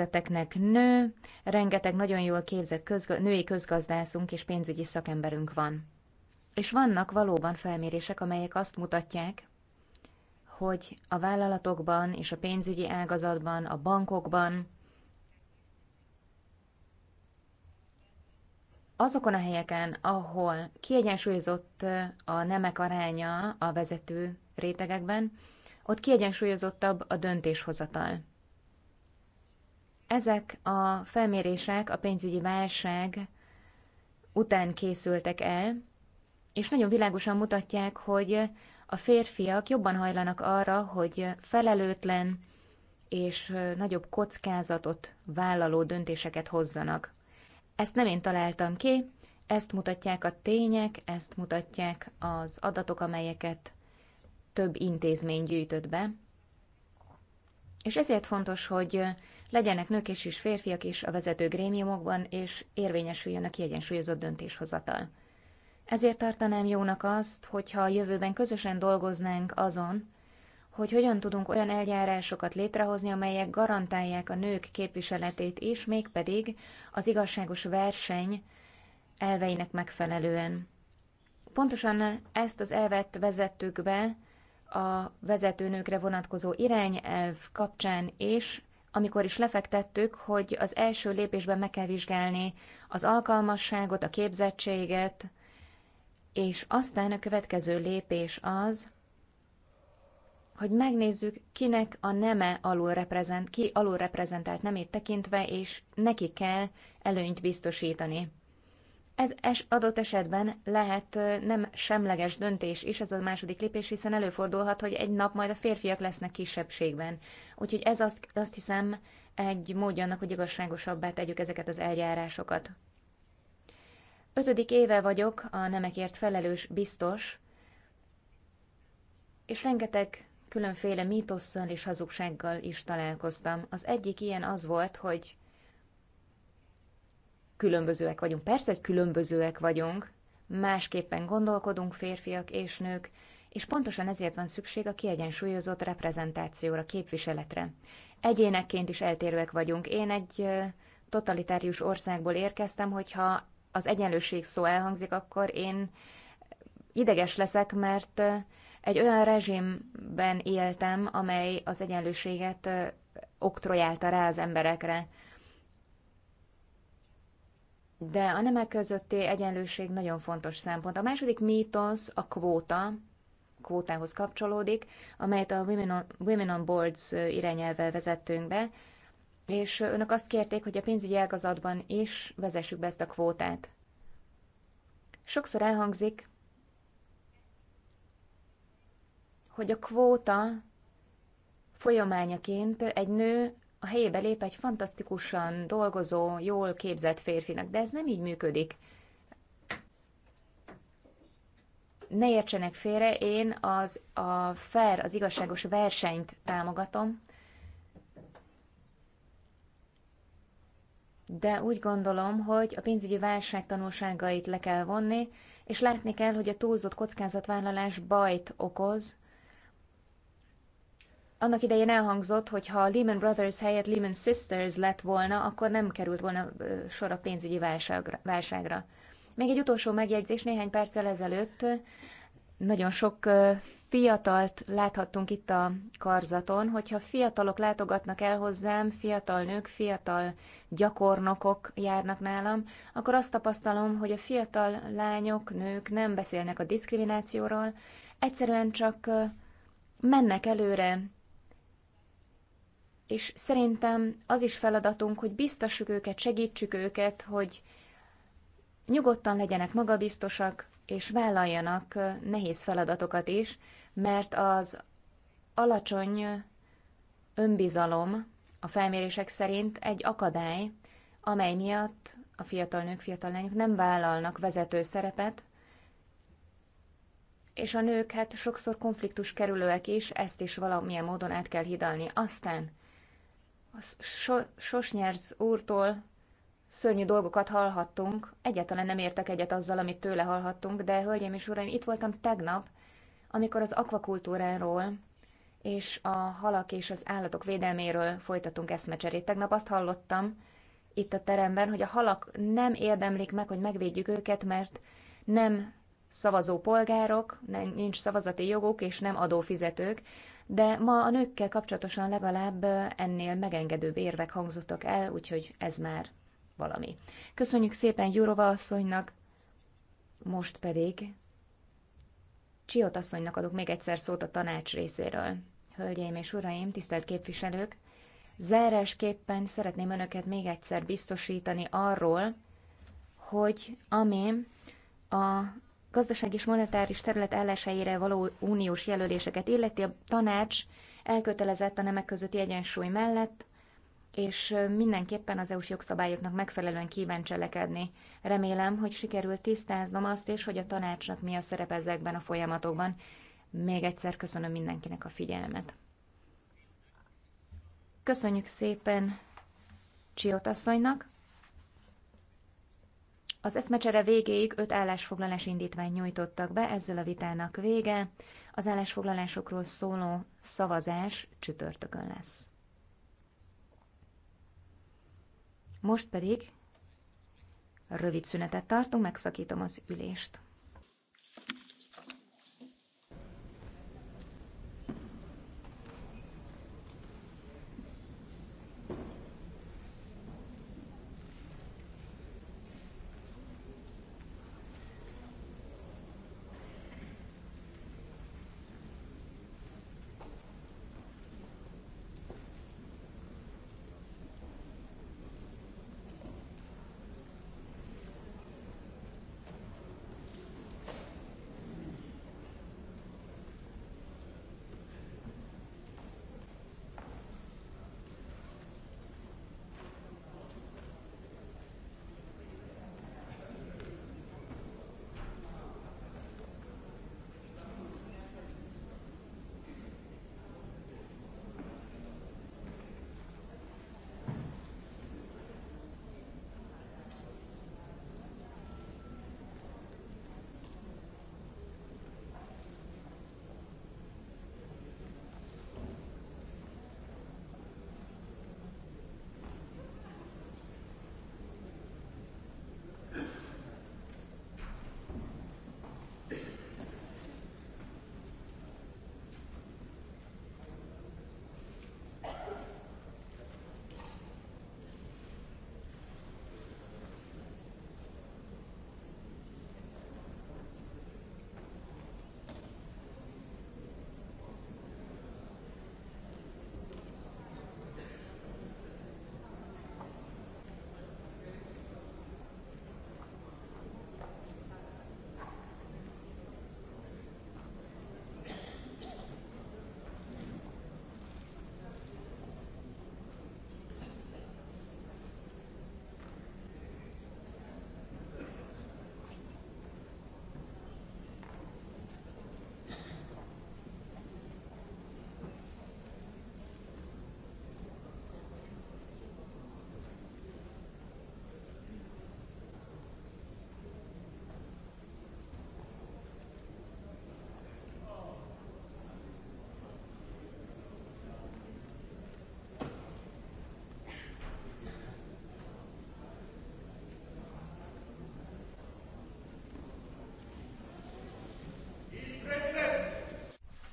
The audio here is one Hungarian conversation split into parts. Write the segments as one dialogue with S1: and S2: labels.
S1: szervezeteknek nő, rengeteg nagyon jól képzett közg- női közgazdászunk és pénzügyi szakemberünk van. És vannak valóban felmérések, amelyek azt mutatják, hogy a vállalatokban és a pénzügyi ágazatban, a bankokban, azokon a helyeken, ahol kiegyensúlyozott a nemek aránya a vezető rétegekben, ott kiegyensúlyozottabb a döntéshozatal. Ezek a felmérések a pénzügyi válság után készültek el, és nagyon világosan mutatják, hogy a férfiak jobban hajlanak arra, hogy felelőtlen és nagyobb kockázatot vállaló döntéseket hozzanak. Ezt nem én találtam ki, ezt mutatják a tények, ezt mutatják az adatok, amelyeket több intézmény gyűjtött be. És ezért fontos, hogy legyenek nők és is férfiak is a vezető grémiumokban, és érvényesüljön a kiegyensúlyozott döntéshozatal. Ezért tartanám jónak azt, hogyha a jövőben közösen dolgoznánk azon, hogy hogyan tudunk olyan eljárásokat létrehozni, amelyek garantálják a nők képviseletét is, mégpedig az igazságos verseny elveinek megfelelően. Pontosan ezt az elvet vezettük be a vezetőnőkre vonatkozó irányelv kapcsán, és amikor is lefektettük, hogy az első lépésben meg kell vizsgálni az alkalmasságot, a képzettséget, és aztán a következő lépés az, hogy megnézzük, kinek a neme alul reprezent, ki alul reprezentált nemét tekintve, és neki kell előnyt biztosítani. Ez es adott esetben lehet nem semleges döntés is, ez a második lépés, hiszen előfordulhat, hogy egy nap majd a férfiak lesznek kisebbségben. Úgyhogy ez azt, azt hiszem egy módja annak, hogy igazságosabbá tegyük ezeket az eljárásokat. Ötödik éve vagyok a nemekért felelős biztos, és rengeteg különféle mítosszal és hazugsággal is találkoztam. Az egyik ilyen az volt, hogy különbözőek vagyunk. Persze, hogy különbözőek vagyunk, másképpen gondolkodunk férfiak és nők, és pontosan ezért van szükség a kiegyensúlyozott reprezentációra, képviseletre. Egyénekként is eltérőek vagyunk. Én egy totalitárius országból érkeztem, hogyha az egyenlőség szó elhangzik, akkor én ideges leszek, mert egy olyan rezsimben éltem, amely az egyenlőséget oktrojálta rá az emberekre de a nemek közötti egyenlőség nagyon fontos szempont. A második mítosz a kvóta, kvótához kapcsolódik, amelyet a Women on, Women on Boards irányelvvel vezettünk be, és önök azt kérték, hogy a pénzügyi ágazatban is vezessük be ezt a kvótát. Sokszor elhangzik, hogy a kvóta folyamányaként egy nő a helyébe lép egy fantasztikusan dolgozó, jól képzett férfinak, de ez nem így működik. Ne értsenek félre, én az a fair, az igazságos versenyt támogatom, de úgy gondolom, hogy a pénzügyi válság tanulságait le kell vonni, és látni kell, hogy a túlzott kockázatvállalás bajt okoz, annak idején elhangzott, hogy ha Lehman Brothers helyett Lehman Sisters lett volna, akkor nem került volna sor a pénzügyi válságra. válságra. Még egy utolsó megjegyzés néhány perccel ezelőtt. Nagyon sok fiatalt láthattunk itt a karzaton, hogyha fiatalok látogatnak el hozzám, fiatal nők, fiatal gyakornokok járnak nálam, akkor azt tapasztalom, hogy a fiatal lányok, nők nem beszélnek a diszkriminációról, egyszerűen csak mennek előre, és szerintem az is feladatunk, hogy biztassuk őket, segítsük őket, hogy nyugodtan legyenek magabiztosak, és vállaljanak nehéz feladatokat is, mert az alacsony önbizalom a felmérések szerint egy akadály, amely miatt a fiatal nők, fiatal lányok nem vállalnak vezető szerepet, és a nők hát sokszor konfliktus kerülőek is, ezt is valamilyen módon át kell hidalni. Aztán a so- Sosnyerz úrtól szörnyű dolgokat hallhattunk. Egyáltalán nem értek egyet azzal, amit tőle hallhattunk, de hölgyeim és uraim, itt voltam tegnap, amikor az akvakultúráról és a halak és az állatok védelméről folytatunk eszmecserét. Tegnap azt hallottam itt a teremben, hogy a halak nem érdemlik meg, hogy megvédjük őket, mert nem szavazó polgárok, nincs szavazati joguk és nem adófizetők de ma a nőkkel kapcsolatosan legalább ennél megengedőbb érvek hangzottak el, úgyhogy ez már valami. Köszönjük szépen Jurova asszonynak, most pedig Csiot asszonynak adok még egyszer szót a tanács részéről. Hölgyeim és uraim, tisztelt képviselők! Zárásképpen szeretném önöket még egyszer biztosítani arról, hogy ami a gazdaság és monetáris terület állásáére való uniós jelöléseket illeti, a tanács elkötelezett a nemek közötti egyensúly mellett, és mindenképpen az EU-s jogszabályoknak megfelelően kíván cselekedni. Remélem, hogy sikerült tisztáznom azt is, hogy a tanácsnak mi a szerepe ezekben a folyamatokban. Még egyszer köszönöm mindenkinek a figyelmet. Köszönjük szépen Csiót asszonynak. Az eszmecsere végéig öt állásfoglalás indítványt nyújtottak be, ezzel a vitának vége. Az állásfoglalásokról szóló szavazás csütörtökön lesz. Most pedig rövid szünetet tartunk, megszakítom az ülést.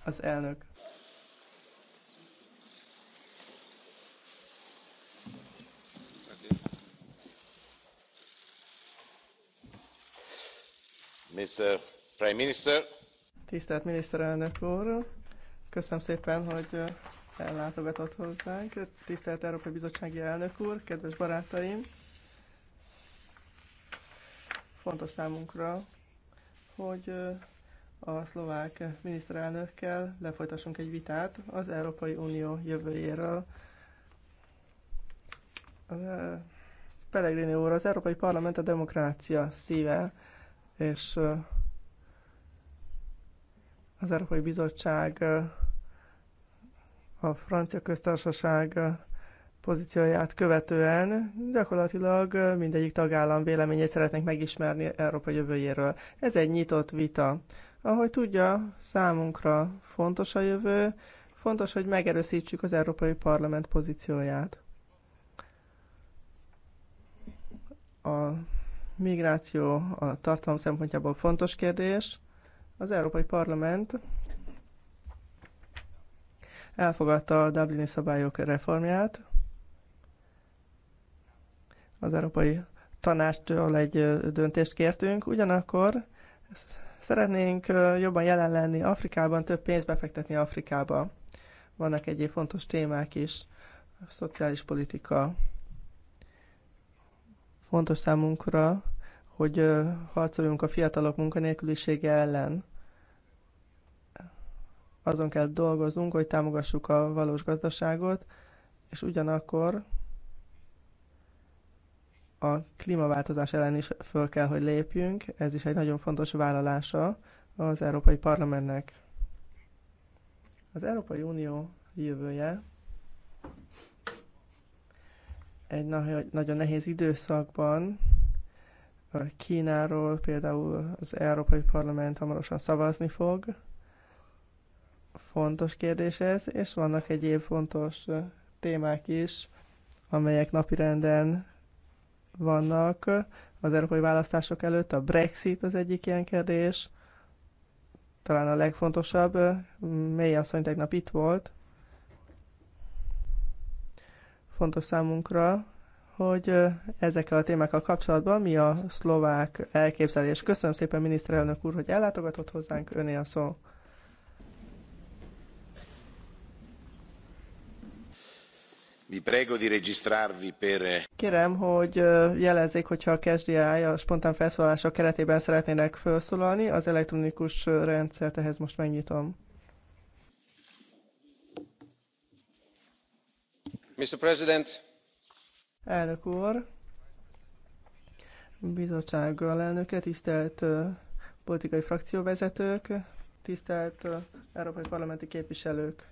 S1: Az elnök. Mr. Prime Minister.
S2: Tisztelt miniszterelnök úr, köszönöm szépen, hogy ellátogatott hozzánk. Tisztelt Európai Bizottsági Elnök úr, kedves barátaim! Fontos számunkra, hogy a szlovák miniszterelnökkel lefolytassunk egy vitát az Európai Unió jövőjéről. Pellegrini úr, az Európai Parlament a demokrácia szíve, és az Európai Bizottság, a Francia Köztársaság pozícióját követően gyakorlatilag mindegyik tagállam véleményét szeretnénk megismerni Európa jövőjéről. Ez egy nyitott vita. Ahogy tudja, számunkra fontos a jövő, fontos, hogy megerősítsük az Európai Parlament pozícióját. A migráció a tartalom szempontjából fontos kérdés. Az Európai Parlament elfogadta a Dublini szabályok reformját. Az Európai Tanástól egy döntést kértünk, ugyanakkor Szeretnénk jobban jelen lenni Afrikában, több pénzt befektetni Afrikába. Vannak egyéb fontos témák is. A szociális politika fontos számunkra, hogy harcoljunk a fiatalok munkanélkülisége ellen. Azon kell dolgozunk, hogy támogassuk a valós gazdaságot, és ugyanakkor a klímaváltozás ellen is föl kell, hogy lépjünk. Ez is egy nagyon fontos vállalása az Európai Parlamentnek. Az Európai Unió jövője egy nagyon nehéz időszakban Kínáról például az Európai Parlament hamarosan szavazni fog. Fontos kérdés ez, és vannak egyéb fontos témák is, amelyek napirenden vannak az európai választások előtt. A Brexit az egyik ilyen kérdés, talán a legfontosabb. mely asszony tegnap itt volt. Fontos számunkra, hogy ezekkel a témákkal kapcsolatban mi a szlovák elképzelés. Köszönöm szépen miniszterelnök úr, hogy ellátogatott hozzánk, öné a szó.
S3: Eh,
S2: Kérem, hogy jelezzék, hogyha a KSDI a spontán felszólalások keretében szeretnének felszólalni. Az elektronikus rendszert ehhez most megnyitom.
S1: Mr. President.
S2: Elnök úr, bizottság alelnöke, tisztelt politikai frakcióvezetők, tisztelt európai parlamenti képviselők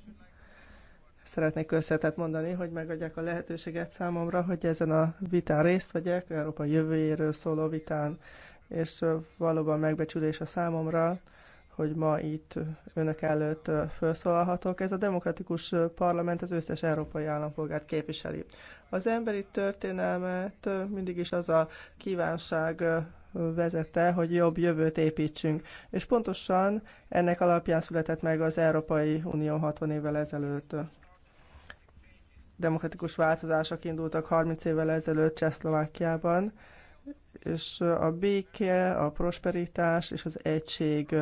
S2: szeretnék köszönetet mondani, hogy megadják a lehetőséget számomra, hogy ezen a vitán részt vegyek, Európa jövőjéről szóló vitán, és valóban megbecsülés a számomra, hogy ma itt önök előtt felszólalhatok. Ez a demokratikus parlament az összes európai állampolgárt képviseli. Az emberi történelmet mindig is az a kívánság vezette, hogy jobb jövőt építsünk. És pontosan ennek alapján született meg az Európai Unió 60 évvel ezelőtt demokratikus változások indultak 30 évvel ezelőtt Csehszlovákiában, és a béke, a prosperitás és az egység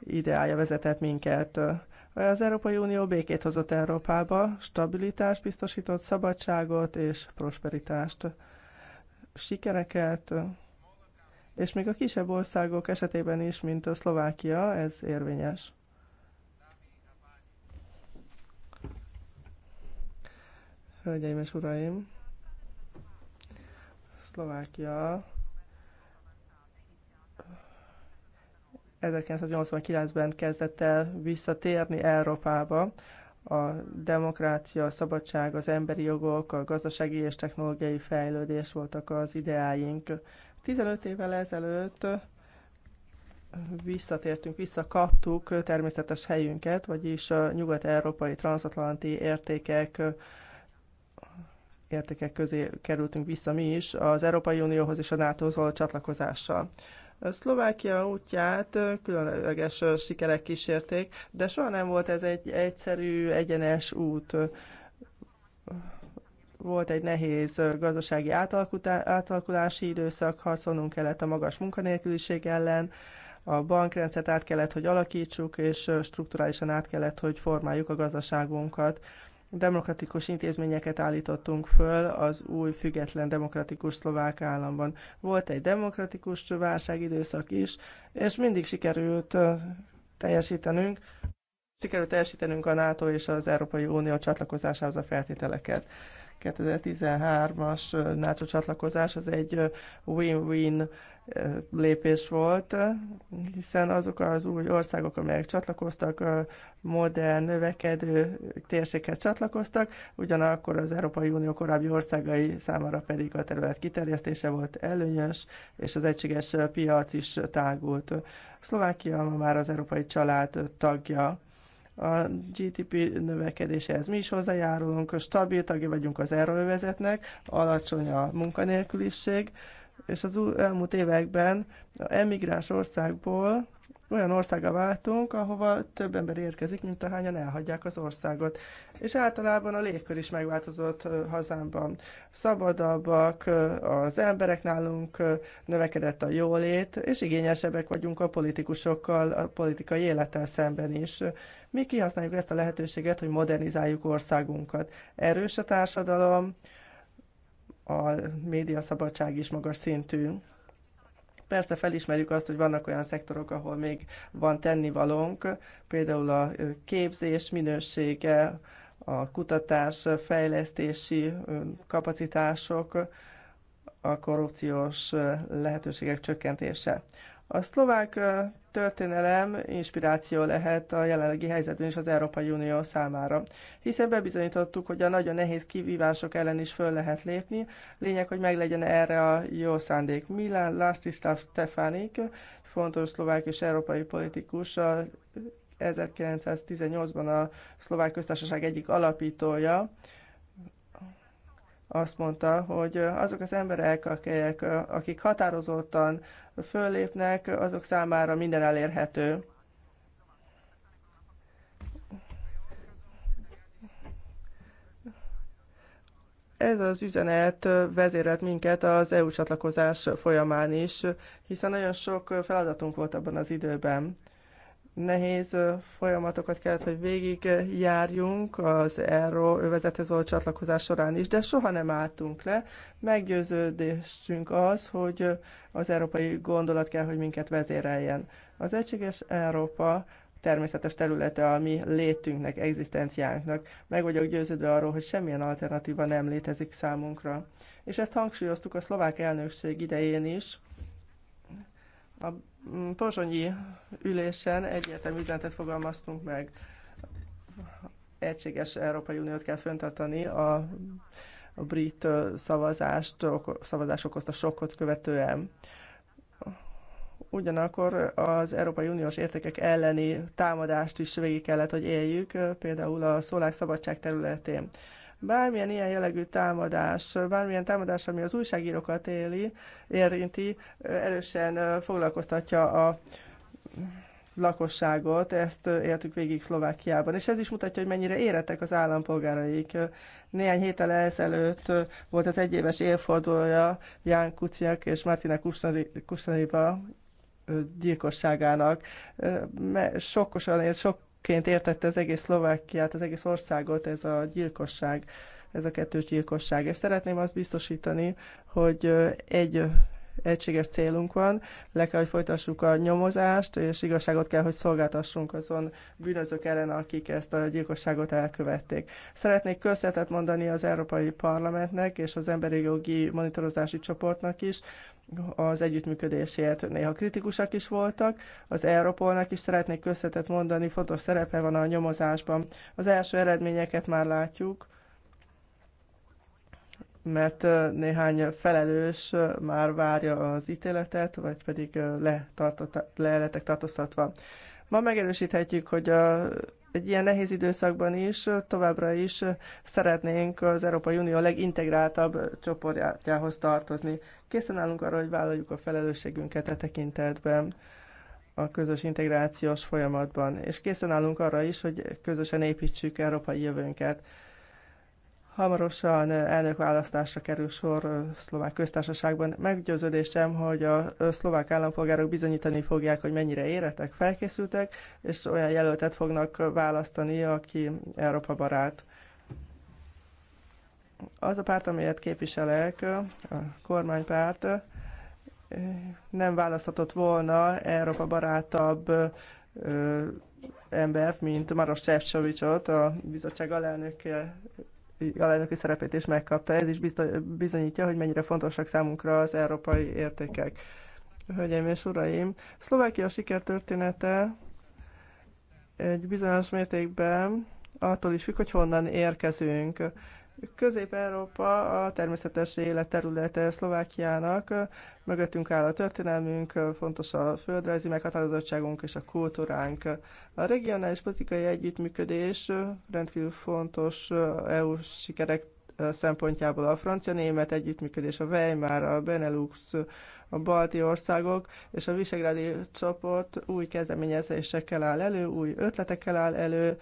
S2: ideája vezetett minket. Az Európai Unió békét hozott Európába, stabilitást biztosított, szabadságot és prosperitást, sikereket, és még a kisebb országok esetében is, mint a Szlovákia, ez érvényes. Hölgyeim és Uraim! Szlovákia 1989-ben kezdett el visszatérni Európába. A demokrácia, a szabadság, az emberi jogok, a gazdasági és technológiai fejlődés voltak az ideáink. 15 évvel ezelőtt visszatértünk, visszakaptuk természetes helyünket, vagyis a nyugat-európai transatlanti értékek értékek közé kerültünk vissza mi is az Európai Unióhoz és a NATO-hoz való csatlakozással. Szlovákia útját különleges sikerek kísérték, de soha nem volt ez egy egyszerű, egyenes út. Volt egy nehéz gazdasági átalakulási időszak, harcolnunk kellett a magas munkanélküliség ellen, a bankrendszert át kellett, hogy alakítsuk, és strukturálisan át kellett, hogy formáljuk a gazdaságunkat demokratikus intézményeket állítottunk föl az új független demokratikus szlovák államban. Volt egy demokratikus válságidőszak is, és mindig sikerült teljesítenünk, sikerült teljesítenünk a NATO és az Európai Unió csatlakozásához a feltételeket. 2013-as NATO csatlakozás az egy win-win lépés volt, hiszen azok az új országok, amelyek csatlakoztak, modern, növekedő térséghez csatlakoztak, ugyanakkor az Európai Unió korábbi országai számára pedig a terület kiterjesztése volt előnyös, és az egységes piac is tágult. Szlovákia ma már az európai család tagja a GDP növekedéshez mi is hozzájárulunk, stabil tagja vagyunk az erővezetnek, alacsony a munkanélküliség, és az elmúlt években a emigráns országból olyan országa váltunk, ahova több ember érkezik, mint ahányan elhagyják az országot. És általában a légkör is megváltozott hazámban. Szabadabbak, az emberek nálunk növekedett a jólét, és igényesebbek vagyunk a politikusokkal, a politikai élettel szemben is. Mi kihasználjuk ezt a lehetőséget, hogy modernizáljuk országunkat. Erős a társadalom, a média szabadság is magas szintű. Persze felismerjük azt, hogy vannak olyan szektorok, ahol még van tennivalónk, például a képzés minősége, a kutatás, fejlesztési kapacitások, a korrupciós lehetőségek csökkentése. A szlovák történelem inspiráció lehet a jelenlegi helyzetben is az Európai Unió számára. Hiszen bebizonyítottuk, hogy a nagyon nehéz kivívások ellen is föl lehet lépni. Lényeg, hogy meglegyen erre a jó szándék. Milan Lastislav Stefanik, fontos szlovák és európai politikus, a 1918-ban a szlovák köztársaság egyik alapítója, azt mondta, hogy azok az emberek, akik, akik határozottan föllépnek, azok számára minden elérhető. ez az üzenet vezérelt minket az EU csatlakozás folyamán is, hiszen nagyon sok feladatunk volt abban az időben nehéz folyamatokat kellett, hogy végigjárjunk az ERO övezethez való csatlakozás során is, de soha nem álltunk le. Meggyőződésünk az, hogy az európai gondolat kell, hogy minket vezéreljen. Az egységes Európa természetes területe a mi létünknek, egzisztenciánknak. Meg vagyok győződve arról, hogy semmilyen alternatíva nem létezik számunkra. És ezt hangsúlyoztuk a szlovák elnökség idején is. A Mm, pozsonyi ülésen egyértelmű üzenetet fogalmaztunk meg. Egységes Európai Uniót kell föntartani a, a brit szavazást, szavazás okozta sokkot követően. Ugyanakkor az Európai Uniós értékek elleni támadást is végig kellett, hogy éljük, például a szabadság területén. Bármilyen ilyen jellegű támadás, bármilyen támadás, ami az újságírókat éli, érinti, erősen foglalkoztatja a lakosságot, ezt éltük végig Szlovákiában, és ez is mutatja, hogy mennyire érettek az állampolgáraik. Néhány héttel ezelőtt volt az egyéves évfordulója Ján Kuciak és Martina Kusnariba gyilkosságának. Sokkosan, sok ként értette az egész Szlovákiát, az egész országot ez a gyilkosság, ez a kettős gyilkosság. És szeretném azt biztosítani, hogy egy egységes célunk van, le kell, hogy folytassuk a nyomozást, és igazságot kell, hogy szolgáltassunk azon bűnözők ellen, akik ezt a gyilkosságot elkövették. Szeretnék köszönetet mondani az Európai Parlamentnek és az Emberi Jogi Monitorozási Csoportnak is, az együttműködésért. Néha kritikusak is voltak. Az Europolnak is szeretnék köszönetet mondani, fontos szerepe van a nyomozásban. Az első eredményeket már látjuk, mert néhány felelős már várja az ítéletet, vagy pedig le, tartott, le lettek tartóztatva. Ma megerősíthetjük, hogy a egy ilyen nehéz időszakban is továbbra is szeretnénk az Európai Unió legintegráltabb csoportjához tartozni. Készen állunk arra, hogy vállaljuk a felelősségünket e tekintetben a közös integrációs folyamatban, és készen állunk arra is, hogy közösen építsük európai jövőnket. Hamarosan elnökválasztásra kerül sor szlovák köztársaságban. Meggyőződésem, hogy a szlovák állampolgárok bizonyítani fogják, hogy mennyire éretek, felkészültek, és olyan jelöltet fognak választani, aki Európa barát. Az a párt, amelyet képviselek, a kormánypárt, nem választhatott volna Európa barátabb embert, mint Maros Sefcovicsot, a bizottság alelnöke alelnöki szerepét is megkapta. Ez is bizonyítja, hogy mennyire fontosak számunkra az európai értékek. Hölgyeim és uraim, Szlovákia sikertörténete egy bizonyos mértékben attól is függ, hogy honnan érkezünk. Közép-Európa a természetes élet területe Szlovákiának, mögöttünk áll a történelmünk, fontos a földrajzi meghatározottságunk és a kultúránk. A regionális politikai együttműködés rendkívül fontos EU sikerek szempontjából a francia-német együttműködés, a Weimar, a Benelux, a balti országok és a visegrádi csoport új kezdeményezésekkel áll elő, új ötletekkel áll elő,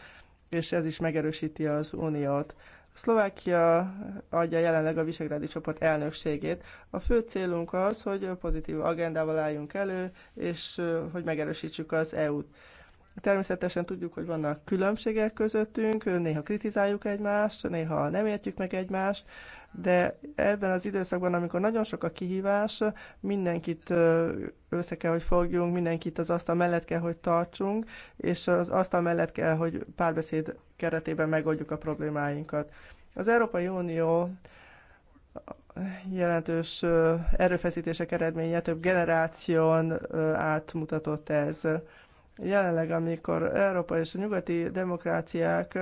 S2: és ez is megerősíti az uniót. Szlovákia adja jelenleg a Visegrádi csoport elnökségét. A fő célunk az, hogy pozitív agendával álljunk elő, és hogy megerősítsük az EU-t. Természetesen tudjuk, hogy vannak különbségek közöttünk, néha kritizáljuk egymást, néha nem értjük meg egymást, de ebben az időszakban, amikor nagyon sok a kihívás, mindenkit össze kell, hogy fogjunk, mindenkit az asztal mellett kell, hogy tartsunk, és az asztal mellett kell, hogy párbeszéd keretében megoldjuk a problémáinkat. Az Európai Unió jelentős erőfeszítések eredménye több generáción átmutatott ez. Jelenleg, amikor Európa és a nyugati demokráciák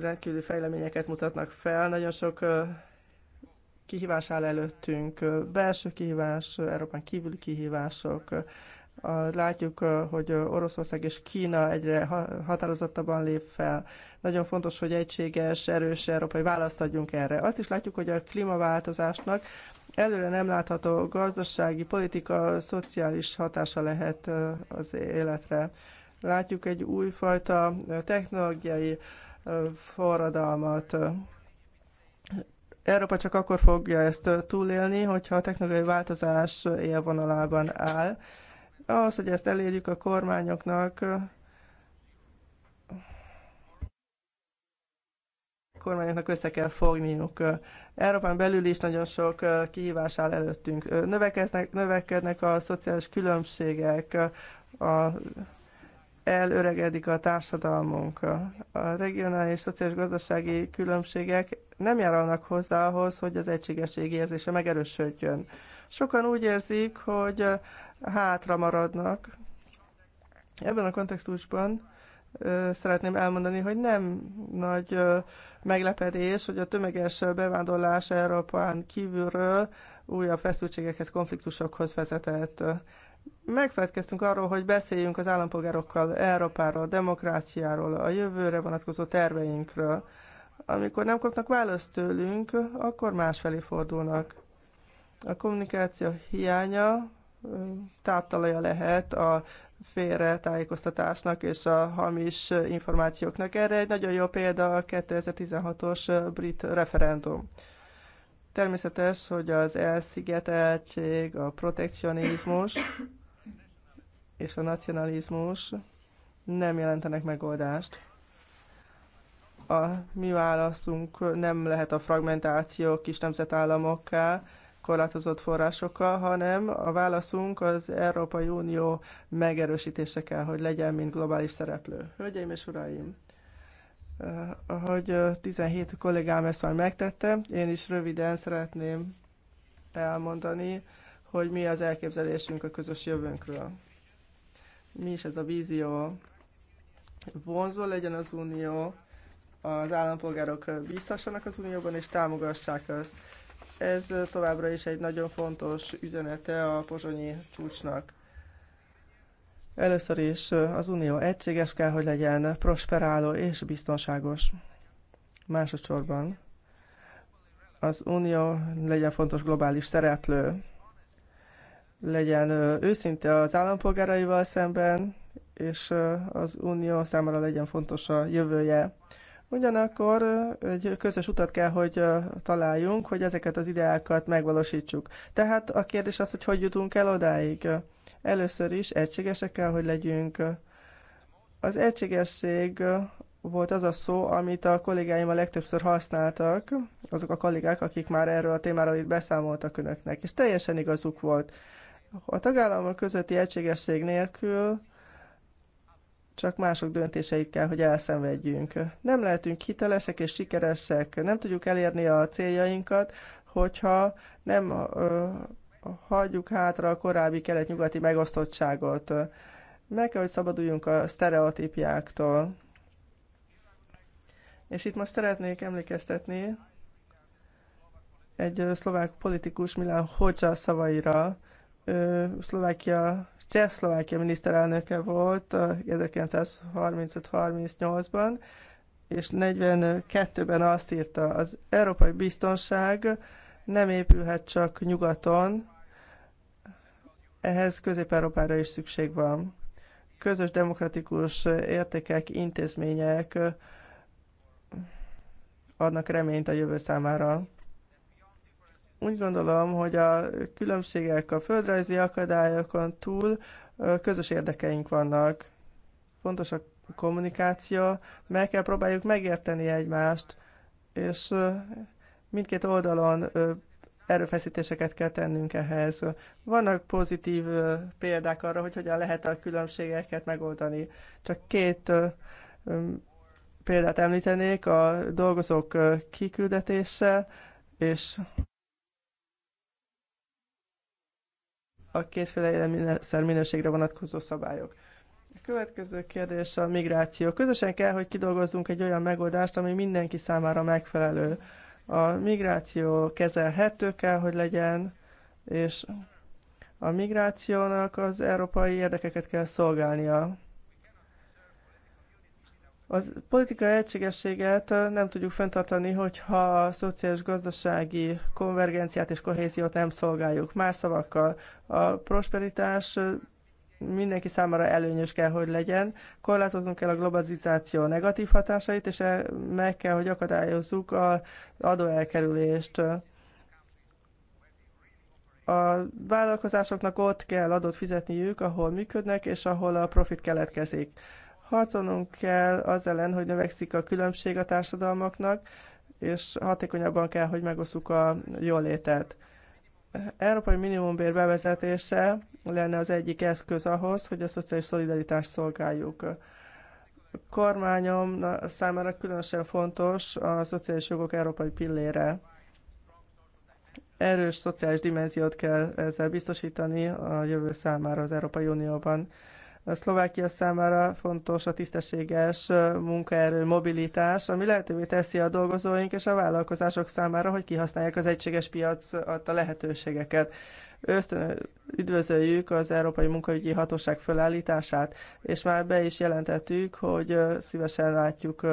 S2: rendkívüli fejleményeket mutatnak fel, nagyon sok kihívás áll előttünk, belső kihívás, Európán kívüli kihívások, Látjuk, hogy Oroszország és Kína egyre határozottabban lép fel. Nagyon fontos, hogy egységes, erős európai választ adjunk erre. Azt is látjuk, hogy a klímaváltozásnak előre nem látható gazdasági, politika, szociális hatása lehet az életre. Látjuk egy újfajta technológiai forradalmat. Európa csak akkor fogja ezt túlélni, hogyha a technológiai változás élvonalában áll. Ahhoz, hogy ezt elérjük a kormányoknak, kormányoknak össze kell fogniuk. Európán belül is nagyon sok kihívás áll előttünk. Növekednek, növekednek a szociális különbségek, a, elöregedik a társadalmunk. A regionális szociális gazdasági különbségek nem járnak hozzá ahhoz, hogy az egységesség érzése megerősödjön. Sokan úgy érzik, hogy hátra maradnak. Ebben a kontextusban szeretném elmondani, hogy nem nagy meglepedés, hogy a tömeges bevándorlás Európán kívülről újabb feszültségekhez, konfliktusokhoz vezetett. Megfelelkeztünk arról, hogy beszéljünk az állampolgárokkal Európáról, demokráciáról, a jövőre vonatkozó terveinkről. Amikor nem kapnak választ tőlünk, akkor másfelé fordulnak. A kommunikáció hiánya táptalaja lehet a félre tájékoztatásnak és a hamis információknak. Erre egy nagyon jó példa a 2016-os brit referendum. Természetes, hogy az elszigeteltség, a protekcionizmus és a nacionalizmus nem jelentenek megoldást. A mi választunk nem lehet a fragmentáció kis nemzetállamokká, korlátozott forrásokkal, hanem a válaszunk az Európai Unió megerősítése kell, hogy legyen, mint globális szereplő. Hölgyeim és uraim! Eh, ahogy 17 eh, kollégám ezt már megtette, én is röviden szeretném elmondani, hogy mi az elképzelésünk a közös jövőnkről. Mi is ez a vízió? Vonzó legyen az unió, az állampolgárok eh, bízhassanak az unióban, és támogassák azt. Ez továbbra is egy nagyon fontos üzenete a pozsonyi csúcsnak. Először is az Unió egységes kell, hogy legyen, prosperáló és biztonságos. Másodszorban az Unió legyen fontos globális szereplő, legyen őszinte az állampolgáraival szemben, és az Unió számára legyen fontos a jövője. Ugyanakkor egy közös utat kell, hogy találjunk, hogy ezeket az ideákat megvalósítsuk. Tehát a kérdés az, hogy hogy jutunk el odáig. Először is egységesek kell, hogy legyünk. Az egységesség volt az a szó, amit a kollégáim a legtöbbször használtak, azok a kollégák, akik már erről a témáról itt beszámoltak önöknek, és teljesen igazuk volt. A tagállamok közötti egységesség nélkül csak mások döntéseit kell, hogy elszenvedjünk. Nem lehetünk hitelesek és sikeresek, nem tudjuk elérni a céljainkat, hogyha nem ö, hagyjuk hátra a korábbi kelet-nyugati megosztottságot. Meg kell, hogy szabaduljunk a sztereotípiáktól. És itt most szeretnék emlékeztetni egy szlovák politikus Milán Hodzsa szavaira. Ő Szlovákia Csehszlovákia miniszterelnöke volt 1935-38-ban, és 42-ben azt írta, az európai biztonság nem épülhet csak nyugaton, ehhez Közép-Európára is szükség van. Közös demokratikus értékek, intézmények adnak reményt a jövő számára. Úgy gondolom, hogy a különbségek a földrajzi akadályokon túl közös érdekeink vannak. Fontos a kommunikáció, meg kell próbáljuk megérteni egymást, és mindkét oldalon erőfeszítéseket kell tennünk ehhez. Vannak pozitív példák arra, hogy hogyan lehet a különbségeket megoldani. Csak két példát említenék, a dolgozók kiküldetése és a kétféle élelmiszer minőségre vonatkozó szabályok. A következő kérdés a migráció. Közösen kell, hogy kidolgozzunk egy olyan megoldást, ami mindenki számára megfelelő. A migráció kezelhető kell, hogy legyen, és a migrációnak az európai érdekeket kell szolgálnia. A politika egységességet nem tudjuk fenntartani, hogyha a szociális gazdasági konvergenciát és kohéziót nem szolgáljuk. Más szavakkal, a prosperitás mindenki számára előnyös kell, hogy legyen. Korlátoznunk kell a globalizáció negatív hatásait, és e, meg kell, hogy akadályozzuk az adóelkerülést a vállalkozásoknak ott kell adót fizetniük, ahol működnek, és ahol a profit keletkezik. Harcolnunk kell az ellen, hogy növekszik a különbség a társadalmaknak, és hatékonyabban kell, hogy megosszuk a jólétet. Európai minimumbér bevezetése lenne az egyik eszköz ahhoz, hogy a szociális szolidaritást szolgáljuk. Kormányom számára különösen fontos a szociális jogok európai pillére. Erős szociális dimenziót kell ezzel biztosítani a jövő számára az Európai Unióban. A Szlovákia számára fontos a tisztességes munkaerő mobilitás, ami lehetővé teszi a dolgozóink és a vállalkozások számára, hogy kihasználják az egységes piac adta lehetőségeket. Ösztön, üdvözöljük az Európai Munkaügyi Hatóság fölállítását, és már be is jelentettük, hogy szívesen látjuk,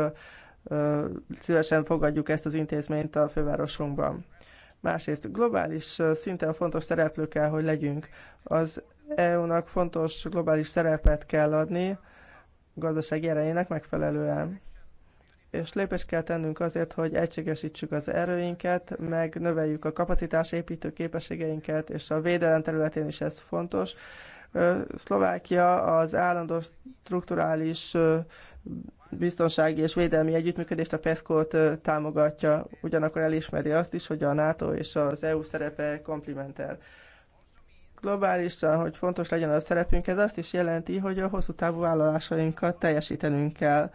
S2: szívesen fogadjuk ezt az intézményt a fővárosunkban másrészt globális szinten fontos szereplő kell, hogy legyünk. Az EU-nak fontos globális szerepet kell adni gazdasági erejének megfelelően. És lépést kell tennünk azért, hogy egységesítsük az erőinket, meg növeljük a kapacitásépítő képességeinket, és a védelem területén is ez fontos. Szlovákia az állandó strukturális biztonsági és védelmi együttműködést, a PESCO-t támogatja, ugyanakkor elismeri azt is, hogy a NATO és az EU szerepe komplementer globálisan, hogy fontos legyen a szerepünk, ez azt is jelenti, hogy a hosszú távú vállalásainkat teljesítenünk kell.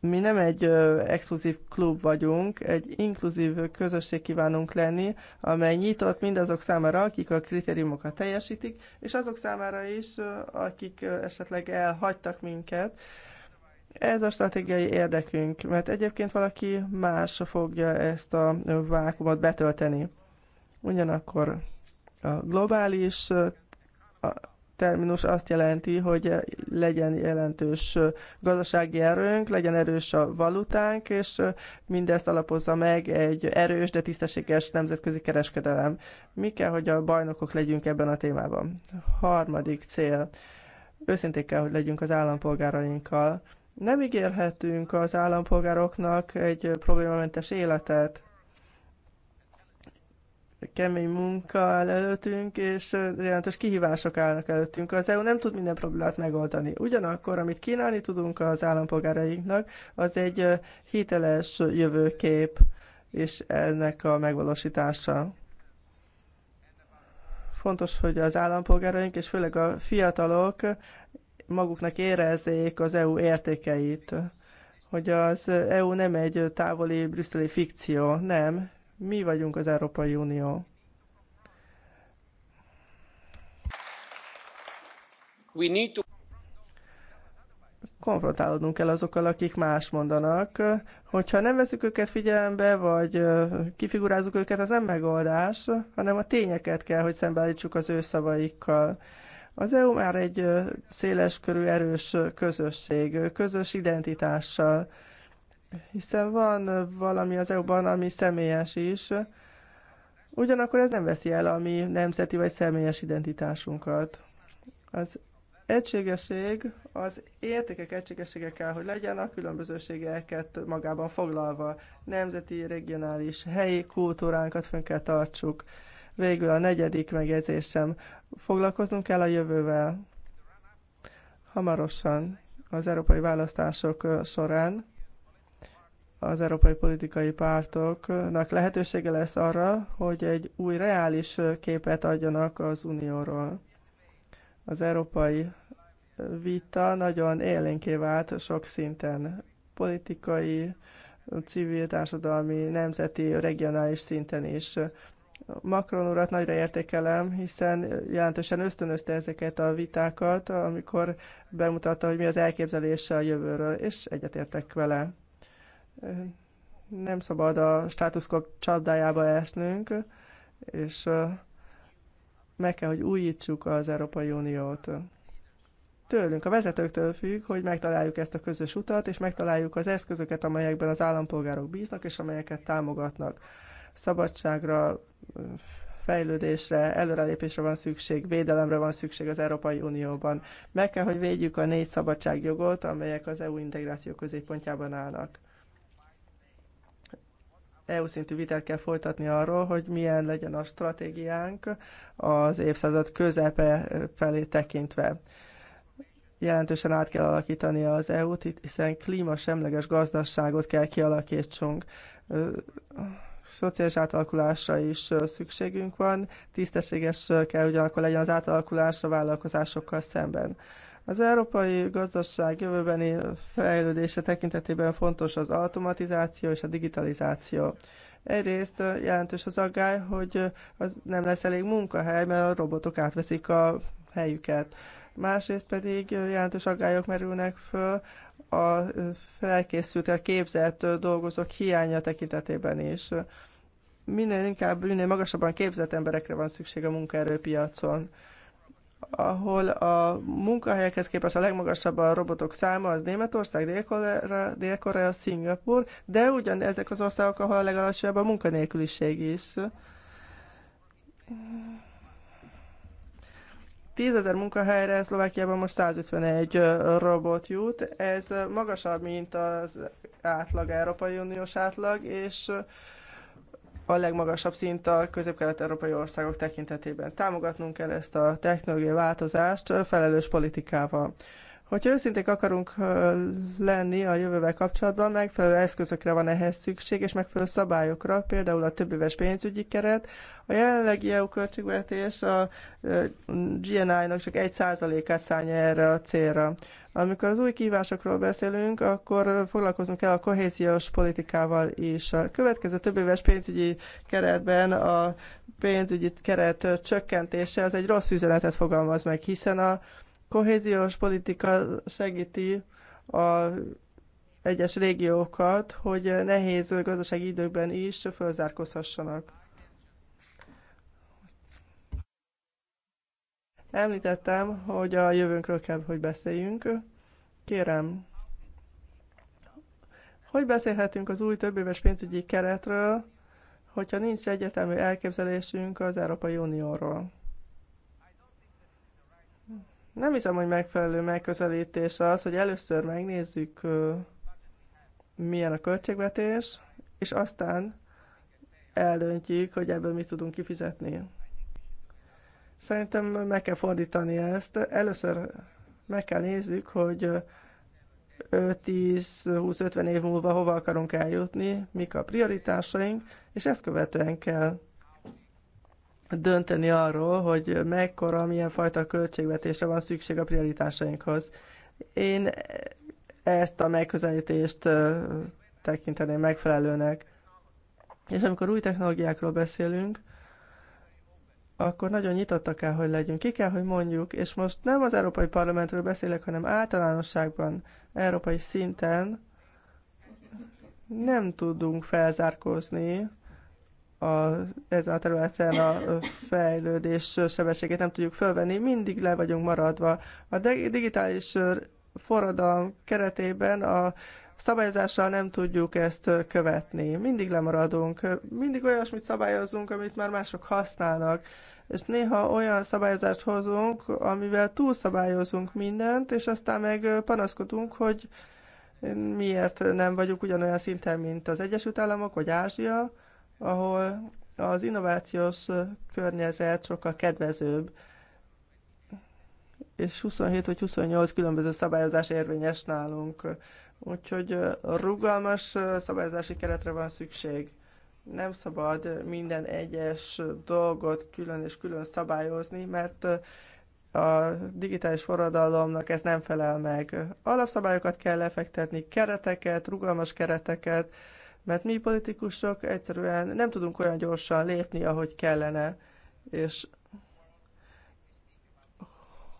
S2: Mi nem egy ö, exkluzív klub vagyunk, egy inkluzív közösség kívánunk lenni, amely nyitott mindazok számára, akik a kritériumokat teljesítik, és azok számára is, akik esetleg elhagytak minket. Ez a stratégiai érdekünk, mert egyébként valaki más fogja ezt a vákumot betölteni. Ugyanakkor a globális terminus azt jelenti, hogy legyen jelentős gazdasági erőnk, legyen erős a valutánk, és mindezt alapozza meg egy erős, de tisztességes nemzetközi kereskedelem. Mi kell, hogy a bajnokok legyünk ebben a témában? Harmadik cél. Őszintén kell, hogy legyünk az állampolgárainkkal. Nem ígérhetünk az állampolgároknak egy problémamentes életet, kemény munka áll előttünk, és jelentős kihívások állnak előttünk. Az EU nem tud minden problémát megoldani. Ugyanakkor, amit kínálni tudunk az állampolgárainknak, az egy hiteles jövőkép, és ennek a megvalósítása. Fontos, hogy az állampolgáraink, és főleg a fiatalok maguknak érezzék az EU értékeit, hogy az EU nem egy távoli brüsszeli fikció, nem, mi vagyunk az Európai Unió.
S3: We
S1: need to
S2: konfrontálódnunk kell azokkal, akik más mondanak. Hogyha nem veszük őket figyelembe, vagy kifigurázzuk őket, az nem megoldás, hanem a tényeket kell, hogy szembeállítsuk az ő szavaikkal. Az EU már egy széles körű erős közösség, közös identitással hiszen van valami az EU-ban, ami személyes is, ugyanakkor ez nem veszi el a mi nemzeti vagy személyes identitásunkat. Az egységesség, az értékek egységessége kell, hogy legyen a különbözőségeket magában foglalva. Nemzeti, regionális, helyi kultúránkat fönn kell tartsuk. Végül a negyedik megjegyzésem. Foglalkoznunk kell a jövővel. Hamarosan az európai választások során az európai politikai pártoknak lehetősége lesz arra, hogy egy új reális képet adjanak az unióról. Az európai vita nagyon élénké vált sok szinten, politikai, civil, társadalmi, nemzeti, regionális szinten is. Macron urat nagyra értékelem, hiszen jelentősen ösztönözte ezeket a vitákat, amikor bemutatta, hogy mi az elképzelése a jövőről, és egyetértek vele nem szabad a státuszkó csapdájába esnünk, és meg kell, hogy újítsuk az Európai Uniót. Tőlünk, a vezetőktől függ, hogy megtaláljuk ezt a közös utat, és megtaláljuk az eszközöket, amelyekben az állampolgárok bíznak, és amelyeket támogatnak. Szabadságra, fejlődésre, előrelépésre van szükség, védelemre van szükség az Európai Unióban. Meg kell, hogy védjük a négy szabadságjogot, amelyek az EU integráció középpontjában állnak. EU szintű vitát kell folytatni arról, hogy milyen legyen a stratégiánk az évszázad közepe felé tekintve. Jelentősen át kell alakítani az EU-t, hiszen klímasemleges gazdaságot kell kialakítsunk szociális átalakulásra is szükségünk van, tisztességes kell ugyanakkor legyen az átalakulás a vállalkozásokkal szemben. Az európai gazdaság jövőbeni fejlődése tekintetében fontos az automatizáció és a digitalizáció. Egyrészt jelentős az aggály, hogy az nem lesz elég munkahely, mert a robotok átveszik a helyüket. Másrészt pedig jelentős aggályok merülnek föl a felkészült, a képzett dolgozók hiánya tekintetében is. Minél inkább, minél magasabban képzett emberekre van szükség a munkaerőpiacon ahol a munkahelyekhez képest a legmagasabb a robotok száma, az Németország, Dél-Korea, Dél-Korea Szingapur, de ugyan ezek az országok, ahol a legalacsonyabb a munkanélküliség is. Tízezer munkahelyre Szlovákiában most 151 robot jut. Ez magasabb, mint az átlag, Európai Uniós átlag, és a legmagasabb szint a közép-kelet-európai országok tekintetében. Támogatnunk kell ezt a technológiai változást felelős politikával. Hogyha őszinték akarunk lenni a jövővel kapcsolatban, megfelelő eszközökre van ehhez szükség, és megfelelő szabályokra, például a éves pénzügyi keret. A jelenlegi EU költségvetés a GNI-nak csak egy százalékát szállja erre a célra. Amikor az új kívásokról beszélünk, akkor foglalkozunk kell a kohéziós politikával is. A következő több éves pénzügyi keretben a pénzügyi keret csökkentése az egy rossz üzenetet fogalmaz meg, hiszen a Kohéziós politika segíti a egyes régiókat, hogy nehéz gazdasági időkben is fölzárkozhassanak. Említettem, hogy a jövőnkről kell, hogy beszéljünk. Kérem, hogy beszélhetünk az új többéves pénzügyi keretről, hogyha nincs egyetemű elképzelésünk az Európai Unióról? Nem hiszem, hogy megfelelő megközelítés az, hogy először megnézzük, milyen a költségvetés, és aztán eldöntjük, hogy ebből mit tudunk kifizetni. Szerintem meg kell fordítani ezt. Először meg kell nézzük, hogy 5-10-20-50 év múlva hova akarunk eljutni, mik a prioritásaink, és ezt követően kell dönteni arról, hogy mekkora, milyen fajta költségvetésre van szükség a prioritásainkhoz. Én ezt a megközelítést tekinteném megfelelőnek. És amikor új technológiákról beszélünk, akkor nagyon nyitottak kell, hogy legyünk. Ki kell, hogy mondjuk, és most nem az Európai Parlamentről beszélek, hanem általánosságban, európai szinten nem tudunk felzárkózni a, ezen a területen a fejlődés sebességét nem tudjuk fölvenni, mindig le vagyunk maradva. A digitális forradalom keretében a szabályozással nem tudjuk ezt követni. Mindig lemaradunk, mindig olyasmit szabályozunk, amit már mások használnak, és néha olyan szabályozást hozunk, amivel túlszabályozunk mindent, és aztán meg panaszkodunk, hogy miért nem vagyunk ugyanolyan szinten, mint az Egyesült Államok vagy Ázsia, ahol az innovációs környezet sokkal kedvezőbb, és 27 vagy 28 különböző szabályozás érvényes nálunk. Úgyhogy rugalmas szabályozási keretre van szükség. Nem szabad minden egyes dolgot külön és külön szabályozni, mert a digitális forradalomnak ez nem felel meg. Alapszabályokat kell lefektetni, kereteket, rugalmas kereteket, mert mi politikusok egyszerűen nem tudunk olyan gyorsan lépni, ahogy kellene, és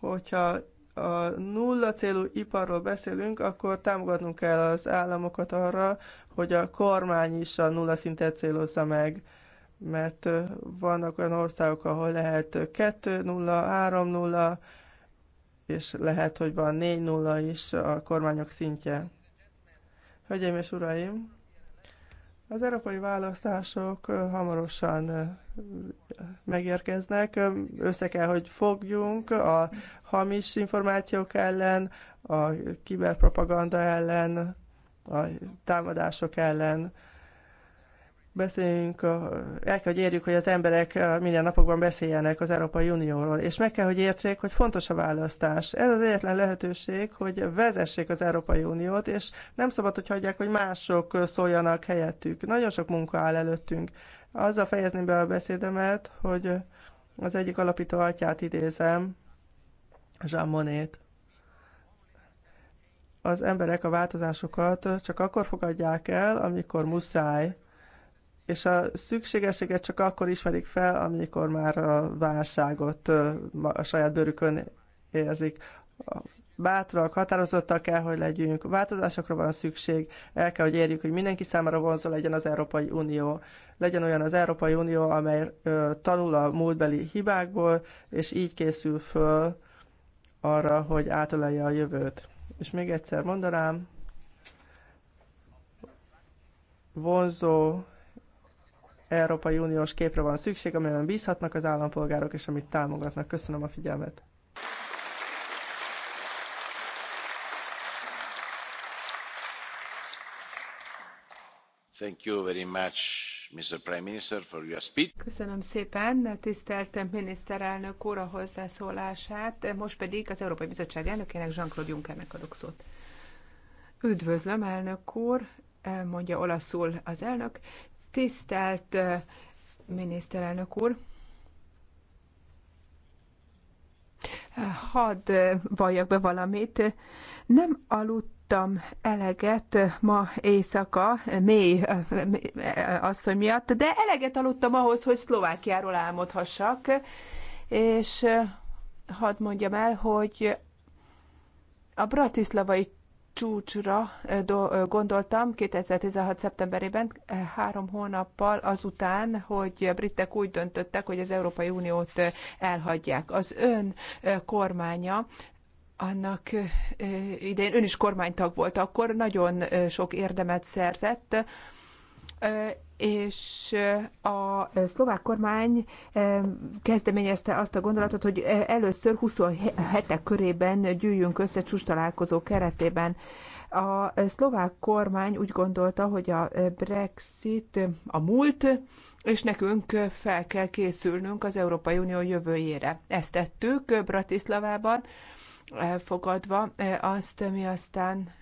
S2: hogyha a nulla célú iparról beszélünk, akkor támogatnunk kell az államokat arra, hogy a kormány is a nulla szintet célozza meg, mert vannak olyan országok, ahol lehet 2 nulla, 3 nulla, és lehet, hogy van 4-0 is a kormányok szintje. Hölgyeim és uraim! Az európai választások hamarosan megérkeznek. Össze kell, hogy fogjunk a hamis információk ellen, a kiberpropaganda ellen, a támadások ellen beszéljünk, el kell, hogy érjük, hogy az emberek minden napokban beszéljenek az Európai Unióról, és meg kell, hogy értsék, hogy fontos a választás. Ez az egyetlen lehetőség, hogy vezessék az Európai Uniót, és nem szabad, hogy hagyják, hogy mások szóljanak helyettük. Nagyon sok munka áll előttünk. Azzal fejezném be a beszédemet, hogy az egyik alapító atyát idézem, Jean Monnet az emberek a változásokat csak akkor fogadják el, amikor muszáj és a szükségességet csak akkor ismerik fel, amikor már a válságot a saját bőrükön érzik. Bátrak, határozottak kell, hogy legyünk. Változásokra van szükség, el kell, hogy érjük, hogy mindenki számára vonzó legyen az Európai Unió. Legyen olyan az Európai Unió, amely ö, tanul a múltbeli hibákból, és így készül föl arra, hogy átölelje a jövőt. És még egyszer mondanám, vonzó Európai Uniós képre van szükség, amelyben bízhatnak az állampolgárok, és amit támogatnak. Köszönöm a figyelmet!
S1: Thank you very much, Mr. Prime Minister, for your speech.
S3: Köszönöm szépen, tisztelt miniszterelnök úr a hozzászólását. Most pedig az Európai Bizottság elnökének, Jean-Claude Junckernek adok szót. Üdvözlöm, elnök úr, mondja olaszul az elnök. Tisztelt miniszterelnök úr! Hadd valljak be valamit. Nem aludtam eleget ma éjszaka, mély asszony miatt, de eleget aludtam ahhoz, hogy Szlovákiáról álmodhassak, és hadd mondjam el, hogy a bratislavai csúcsra gondoltam 2016. szeptemberében, három hónappal azután, hogy a britek úgy döntöttek, hogy az Európai Uniót elhagyják. Az ön kormánya annak idején ön is kormánytag volt akkor, nagyon sok érdemet szerzett, és a szlovák kormány kezdeményezte azt a gondolatot, hogy először 27 körében gyűjjünk össze csúcstalálkozó keretében. A szlovák kormány úgy gondolta, hogy a Brexit a múlt, és nekünk fel kell készülnünk az Európai Unió jövőjére. Ezt tettük Bratislavában, fogadva azt, mi aztán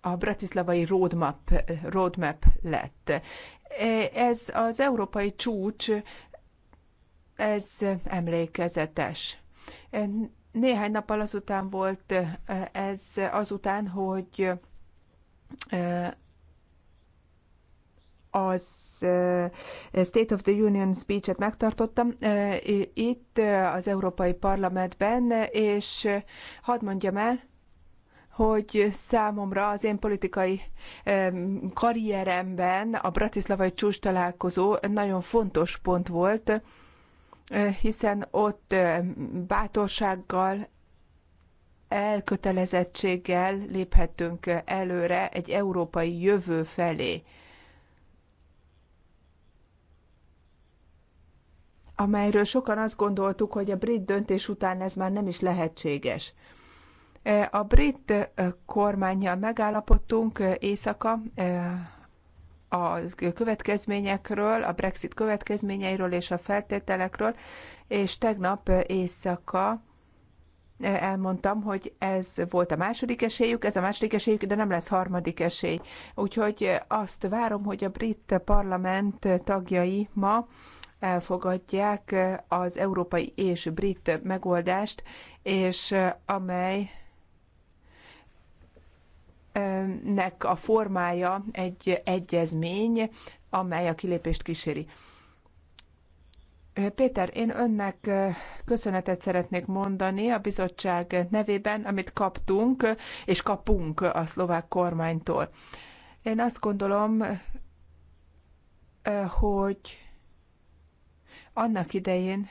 S3: a bratislavai roadmap, roadmap lett. Ez az európai csúcs, ez emlékezetes. Néhány nappal azután volt ez azután, hogy az State of the Union speech-et megtartottam itt az Európai Parlamentben, és hadd mondjam el, hogy számomra az én politikai karrieremben a Bratislavai csúcs találkozó nagyon fontos pont volt, eh, hiszen ott eh, bátorsággal, elkötelezettséggel léphettünk előre egy európai jövő felé. amelyről sokan azt gondoltuk, hogy a brit döntés után ez már nem is lehetséges. E, a brit e, kormányjal megállapodtunk e, éjszaka a következményekről, a Brexit következményeiről és a feltételekről, és tegnap éjszaka elmondtam, hogy ez volt a második esélyük, ez a második esélyük, de nem lesz harmadik esély. Úgyhogy azt várom, hogy a brit parlament tagjai ma elfogadják az európai és brit megoldást, és amely nek a formája egy egyezmény, amely a kilépést kíséri. Péter, én önnek köszönetet szeretnék mondani a bizottság nevében, amit kaptunk és kapunk a szlovák kormánytól. Én azt gondolom, hogy annak idején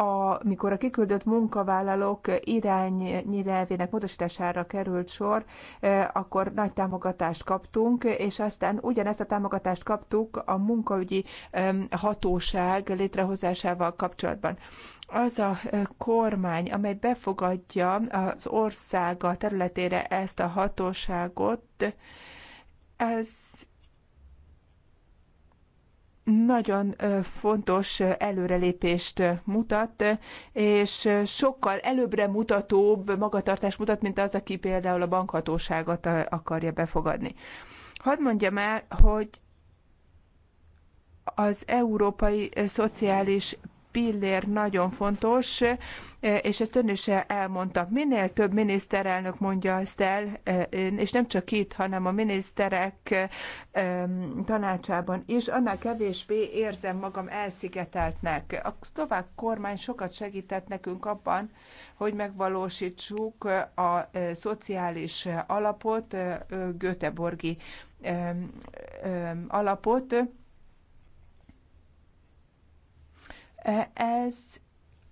S3: amikor a kiküldött munkavállalók irányelvének módosítására került sor, e, akkor nagy támogatást kaptunk, és aztán ugyanezt a támogatást kaptuk a munkaügyi e, hatóság létrehozásával kapcsolatban az a e, kormány, amely befogadja az országa területére ezt a hatóságot, ez nagyon fontos előrelépést mutat, és sokkal előbbre mutatóbb magatartást mutat, mint az, aki például a bankhatóságot akarja befogadni. Hadd mondjam el, hogy az európai szociális pillér nagyon fontos, eh, és ezt ön is elmondta. Minél több miniszterelnök mondja ezt el, eh, és nem csak itt, hanem a miniszterek eh, tanácsában is, annál kevésbé érzem magam elszigeteltnek. A szlovák kormány sokat segített nekünk abban, hogy megvalósítsuk a szociális alapot, Göteborgi alapot, Ez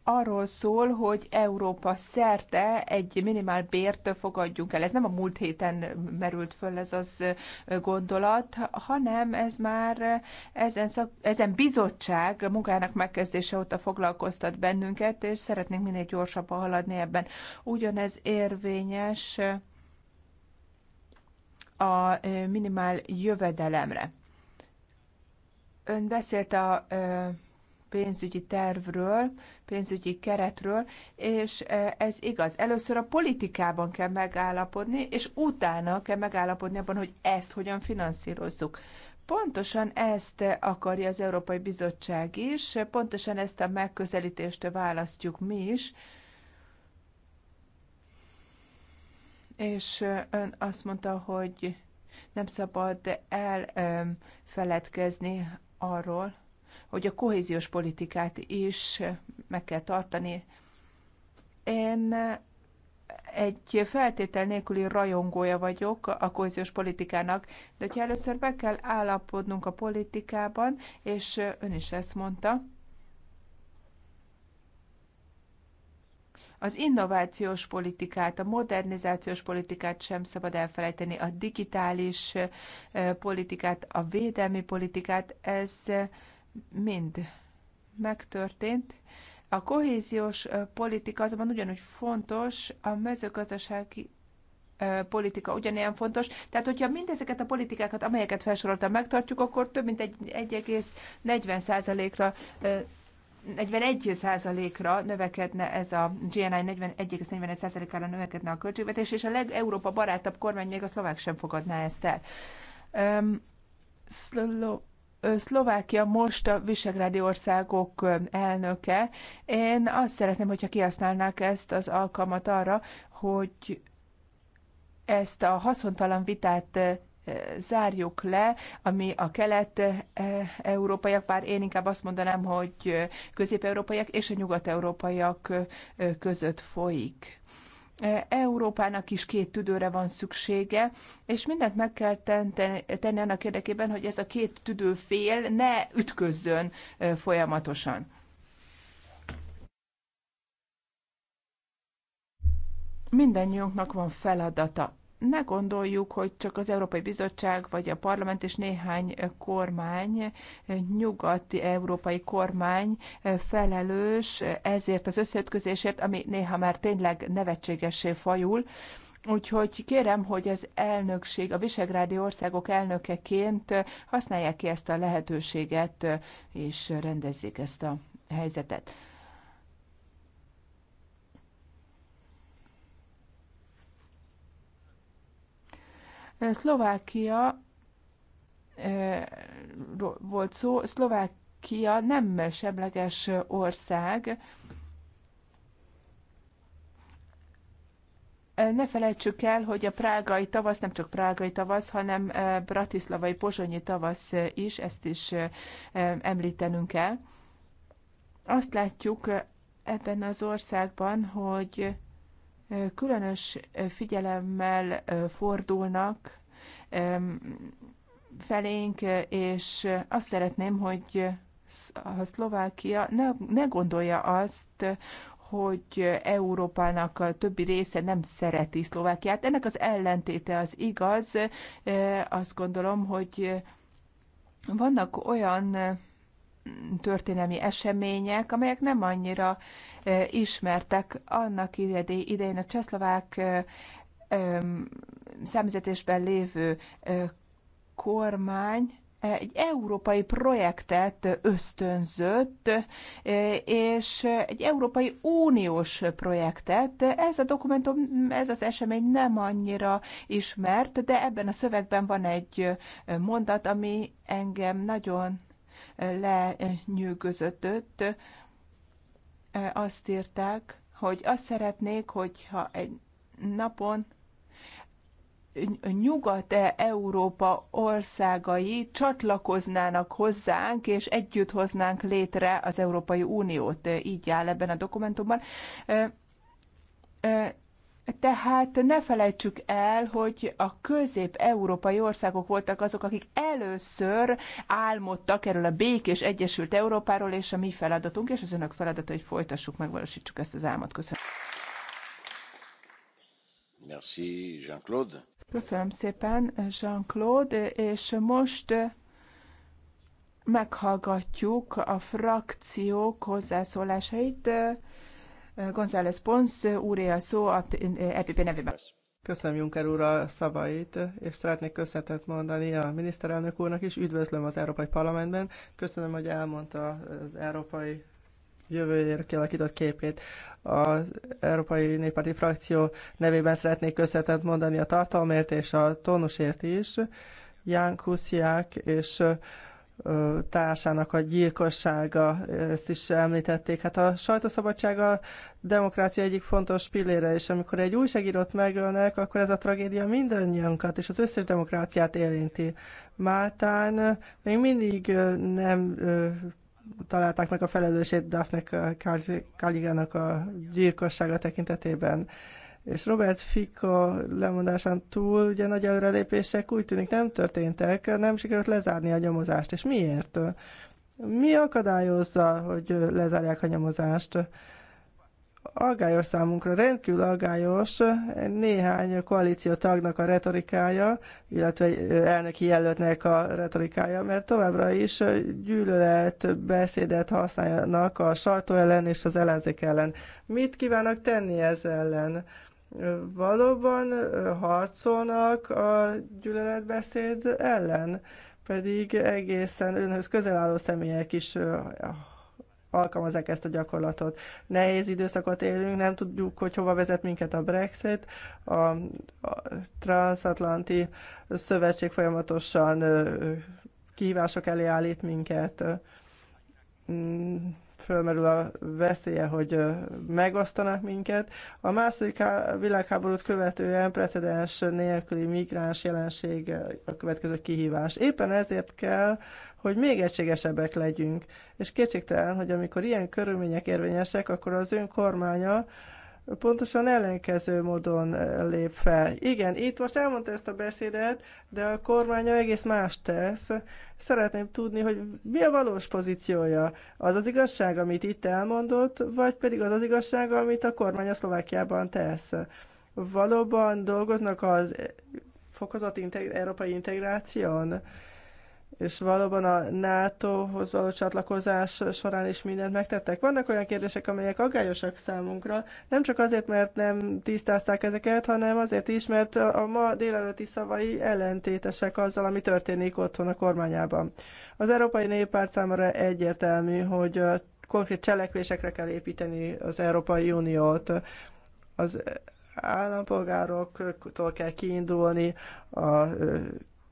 S3: arról szól, hogy Európa szerte egy minimál bért fogadjunk el. Ez nem a múlt héten merült föl ez az gondolat, hanem ez már ezen, szak, ezen bizottság munkának megkezdése óta foglalkoztat bennünket, és szeretnénk minél gyorsabban haladni ebben. Ugyanez érvényes a minimál jövedelemre. Ön beszélt a pénzügyi tervről, pénzügyi keretről, és e, ez igaz. Először a politikában kell megállapodni, és utána kell megállapodni abban, hogy ezt hogyan finanszírozzuk. Pontosan ezt akarja az Európai Bizottság is, pontosan ezt a megközelítést választjuk mi is. És e, ön azt mondta, hogy nem szabad elfeledkezni e, arról, hogy a kohéziós politikát is meg kell tartani. Én egy feltétel nélküli rajongója vagyok a kohéziós politikának, de hogyha először be kell állapodnunk a politikában, és ön is ezt mondta, az innovációs politikát, a modernizációs politikát sem szabad elfelejteni, a digitális eh, politikát, a védelmi politikát, ez mind megtörtént. A kohéziós politika azonban ugyanúgy fontos, a mezőgazdasági politika ugyanilyen fontos. Tehát, hogyha mindezeket a politikákat, amelyeket felsoroltam, megtartjuk, akkor több mint 1,40%-ra 41%-ra növekedne ez a GNI 41,41%-ára növekedne a költségvetés, és a legeurópa barátabb kormány még a szlovák sem fogadná ezt el. Um, Szlovákia most a visegrádi országok elnöke. Én azt szeretném, hogyha kihasználnák ezt az alkalmat arra, hogy ezt a haszontalan vitát zárjuk le, ami a kelet-európaiak, bár én inkább azt mondanám, hogy közép-európaiak és a nyugat-európaiak között folyik. E, Európának is két tüdőre van szüksége, és mindent meg kell tenni annak érdekében, hogy ez a két tüdőfél ne ütközzön e, folyamatosan. Mindennyiunknak van feladata ne gondoljuk, hogy csak az Európai Bizottság vagy a parlament és néhány kormány, nyugati európai kormány felelős ezért az összeütközésért, ami néha már tényleg nevetségessé fajul. Úgyhogy kérem, hogy az elnökség, a visegrádi országok elnökeként használják ki ezt a lehetőséget, és rendezzék ezt a helyzetet. Szlovákia volt szó, Szlovákia nem semleges ország. Ne felejtsük el, hogy a prágai tavasz nem csak prágai tavasz, hanem bratislavai pozsonyi tavasz is, ezt is említenünk kell. Azt látjuk ebben az országban, hogy különös figyelemmel fordulnak felénk, és azt szeretném, hogy a Szlovákia ne, ne gondolja azt, hogy Európának a többi része nem szereti Szlovákiát. Ennek az ellentéte az igaz. Azt gondolom, hogy vannak olyan történelmi események, amelyek nem annyira ismertek. Annak idején a csehszlovák számüzetésben lévő kormány egy európai projektet ösztönzött, és egy európai uniós projektet. Ez a dokumentum, ez az esemény nem annyira ismert, de ebben a szövegben van egy mondat, ami engem nagyon lenyűgözött. Azt írták, hogy azt szeretnék, hogyha egy napon Nyugat-Európa országai csatlakoznának hozzánk, és együtt hoznánk létre az Európai Uniót. Így áll ebben a dokumentumban tehát ne felejtsük el, hogy a közép-európai országok voltak azok, akik először álmodtak erről a békés Egyesült Európáról, és a mi feladatunk, és az önök feladata, hogy folytassuk, megvalósítsuk ezt az álmat. Köszönöm.
S1: Merci, Jean-Claude.
S3: Köszönöm szépen, Jean-Claude, és most meghallgatjuk a frakciók hozzászólásait. González Pons úré a szó a EPP nevében. Köszönöm Juncker
S2: úr a szavait, és szeretnék köszönetet mondani a miniszterelnök úrnak is. Üdvözlöm az Európai Parlamentben. Köszönöm, hogy elmondta az európai jövőjére kialakított képét. Az Európai Néppárti Frakció nevében szeretnék köszönetet mondani a tartalmért és a tónusért is. Ján Kusziák és társának a gyilkossága, ezt is említették. Hát a sajtószabadság a demokrácia egyik fontos pillére, és amikor egy újságírót megölnek, akkor ez a tragédia mindannyiunkat és az összes demokráciát érinti. Máltán még mindig nem találták meg a felelősét Daphne Kaligának a gyilkossága tekintetében. És Robert Fica lemondásán túl ugye nagy előrelépések úgy tűnik nem történtek, nem sikerült lezárni a nyomozást. És miért? Mi akadályozza, hogy lezárják a nyomozást? Aggályos számunkra, rendkívül aggályos néhány koalíció tagnak a retorikája, illetve elnöki jelöltnek a retorikája, mert továbbra is gyűlölet beszédet használnak a sajtó ellen és az ellenzék ellen. Mit kívánnak tenni ez ellen? valóban harcolnak a gyűlöletbeszéd ellen, pedig egészen önhöz közel álló személyek is alkalmazzák ezt a gyakorlatot. Nehéz időszakot élünk, nem tudjuk, hogy hova vezet minket a Brexit. A, a transatlanti szövetség folyamatosan kihívások elé állít minket mm, fölmerül a veszélye, hogy megosztanak minket. A második világháborút követően precedens nélküli migráns jelenség a következő kihívás. Éppen ezért kell, hogy még egységesebbek legyünk. És kétségtelen, hogy amikor ilyen körülmények érvényesek, akkor az önkormánya kormánya pontosan ellenkező módon eh, lép fel. Igen, itt most elmondta ezt a beszédet, de a kormánya egész más tesz. Szeretném tudni, hogy mi a valós pozíciója. Az az igazság, amit itt elmondott, vagy pedig az az igazság, amit a kormány a Szlovákiában tesz. Valóban dolgoznak az eh, fokozott integ- európai integráción? és valóban a NATO-hoz való csatlakozás során is mindent megtettek. Vannak olyan kérdések, amelyek aggályosak számunkra, nem csak azért, mert nem tisztázták ezeket, hanem azért is, mert a ma délelőtti szavai ellentétesek azzal, ami történik otthon a kormányában. Az Európai Néppárt számára egyértelmű, hogy konkrét cselekvésekre kell építeni az Európai Uniót. Az állampolgároktól kell kiindulni, a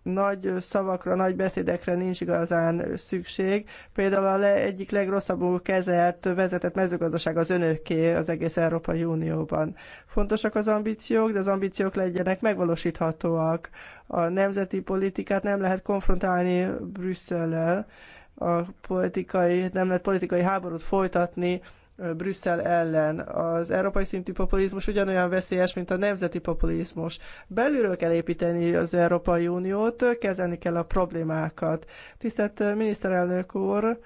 S2: nagy szavakra, nagy beszédekre nincs igazán szükség. Például a le, egyik legrosszabbul kezelt, vezetett mezőgazdaság az önöké az egész Európai Unióban. Fontosak az ambíciók, de az ambíciók legyenek megvalósíthatóak. A nemzeti politikát nem lehet konfrontálni Brüsszellel, a politikai, nem lehet politikai háborút folytatni Brüsszel ellen. Az európai szintű populizmus ugyanolyan veszélyes, mint a nemzeti populizmus. Belülről kell építeni az Európai Uniót, kezelni kell a problémákat. Tisztelt miniszterelnök úr,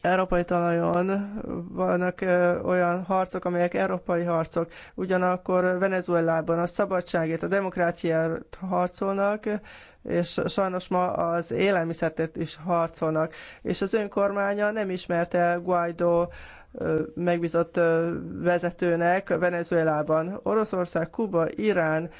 S2: európai talajon vannak olyan harcok, amelyek európai harcok. Ugyanakkor Venezuelában a szabadságért, a demokráciáért harcolnak, és sajnos ma az élelmiszertért is harcolnak. És az önkormánya nem ismerte Guaidó megbízott vezetőnek Venezuelában. Oroszország, Kuba, Irán,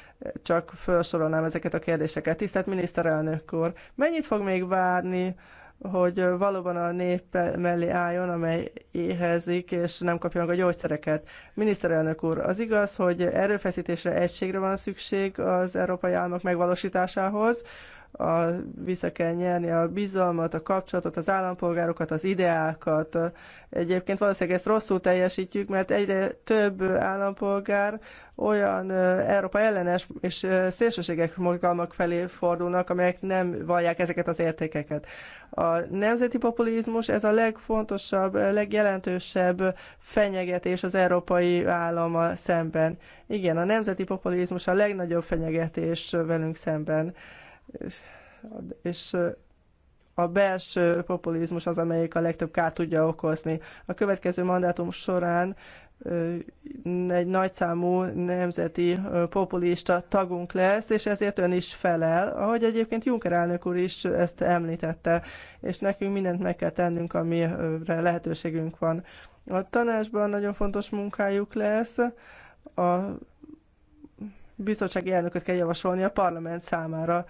S2: csak felsorolnám ezeket a kérdéseket. Tisztelt miniszterelnök úr, mennyit fog még várni hogy valóban a nép mellé álljon, amely éhezik, és nem kapja meg a gyógyszereket. Miniszterelnök úr, az igaz, hogy erőfeszítésre, egységre van szükség az európai államok megvalósításához, a, vissza kell nyerni a bizalmat, a kapcsolatot, az állampolgárokat, az ideákat. Egyébként valószínűleg ezt rosszul teljesítjük, mert egyre több állampolgár olyan Európa ellenes és szélsőségek mozgalmak felé fordulnak, amelyek nem vallják ezeket az értékeket. A nemzeti populizmus ez a legfontosabb, legjelentősebb fenyegetés az európai állama szemben. Igen, a nemzeti populizmus a legnagyobb fenyegetés velünk szemben és a belső populizmus az, amelyik a legtöbb kárt tudja okozni. A következő mandátum során egy nagyszámú nemzeti populista tagunk lesz, és ezért ön is felel, ahogy egyébként Juncker elnök úr is ezt említette, és nekünk mindent meg kell tennünk, amire lehetőségünk van. A tanácsban nagyon fontos munkájuk lesz, a bizottsági elnököt kell javasolni a parlament számára.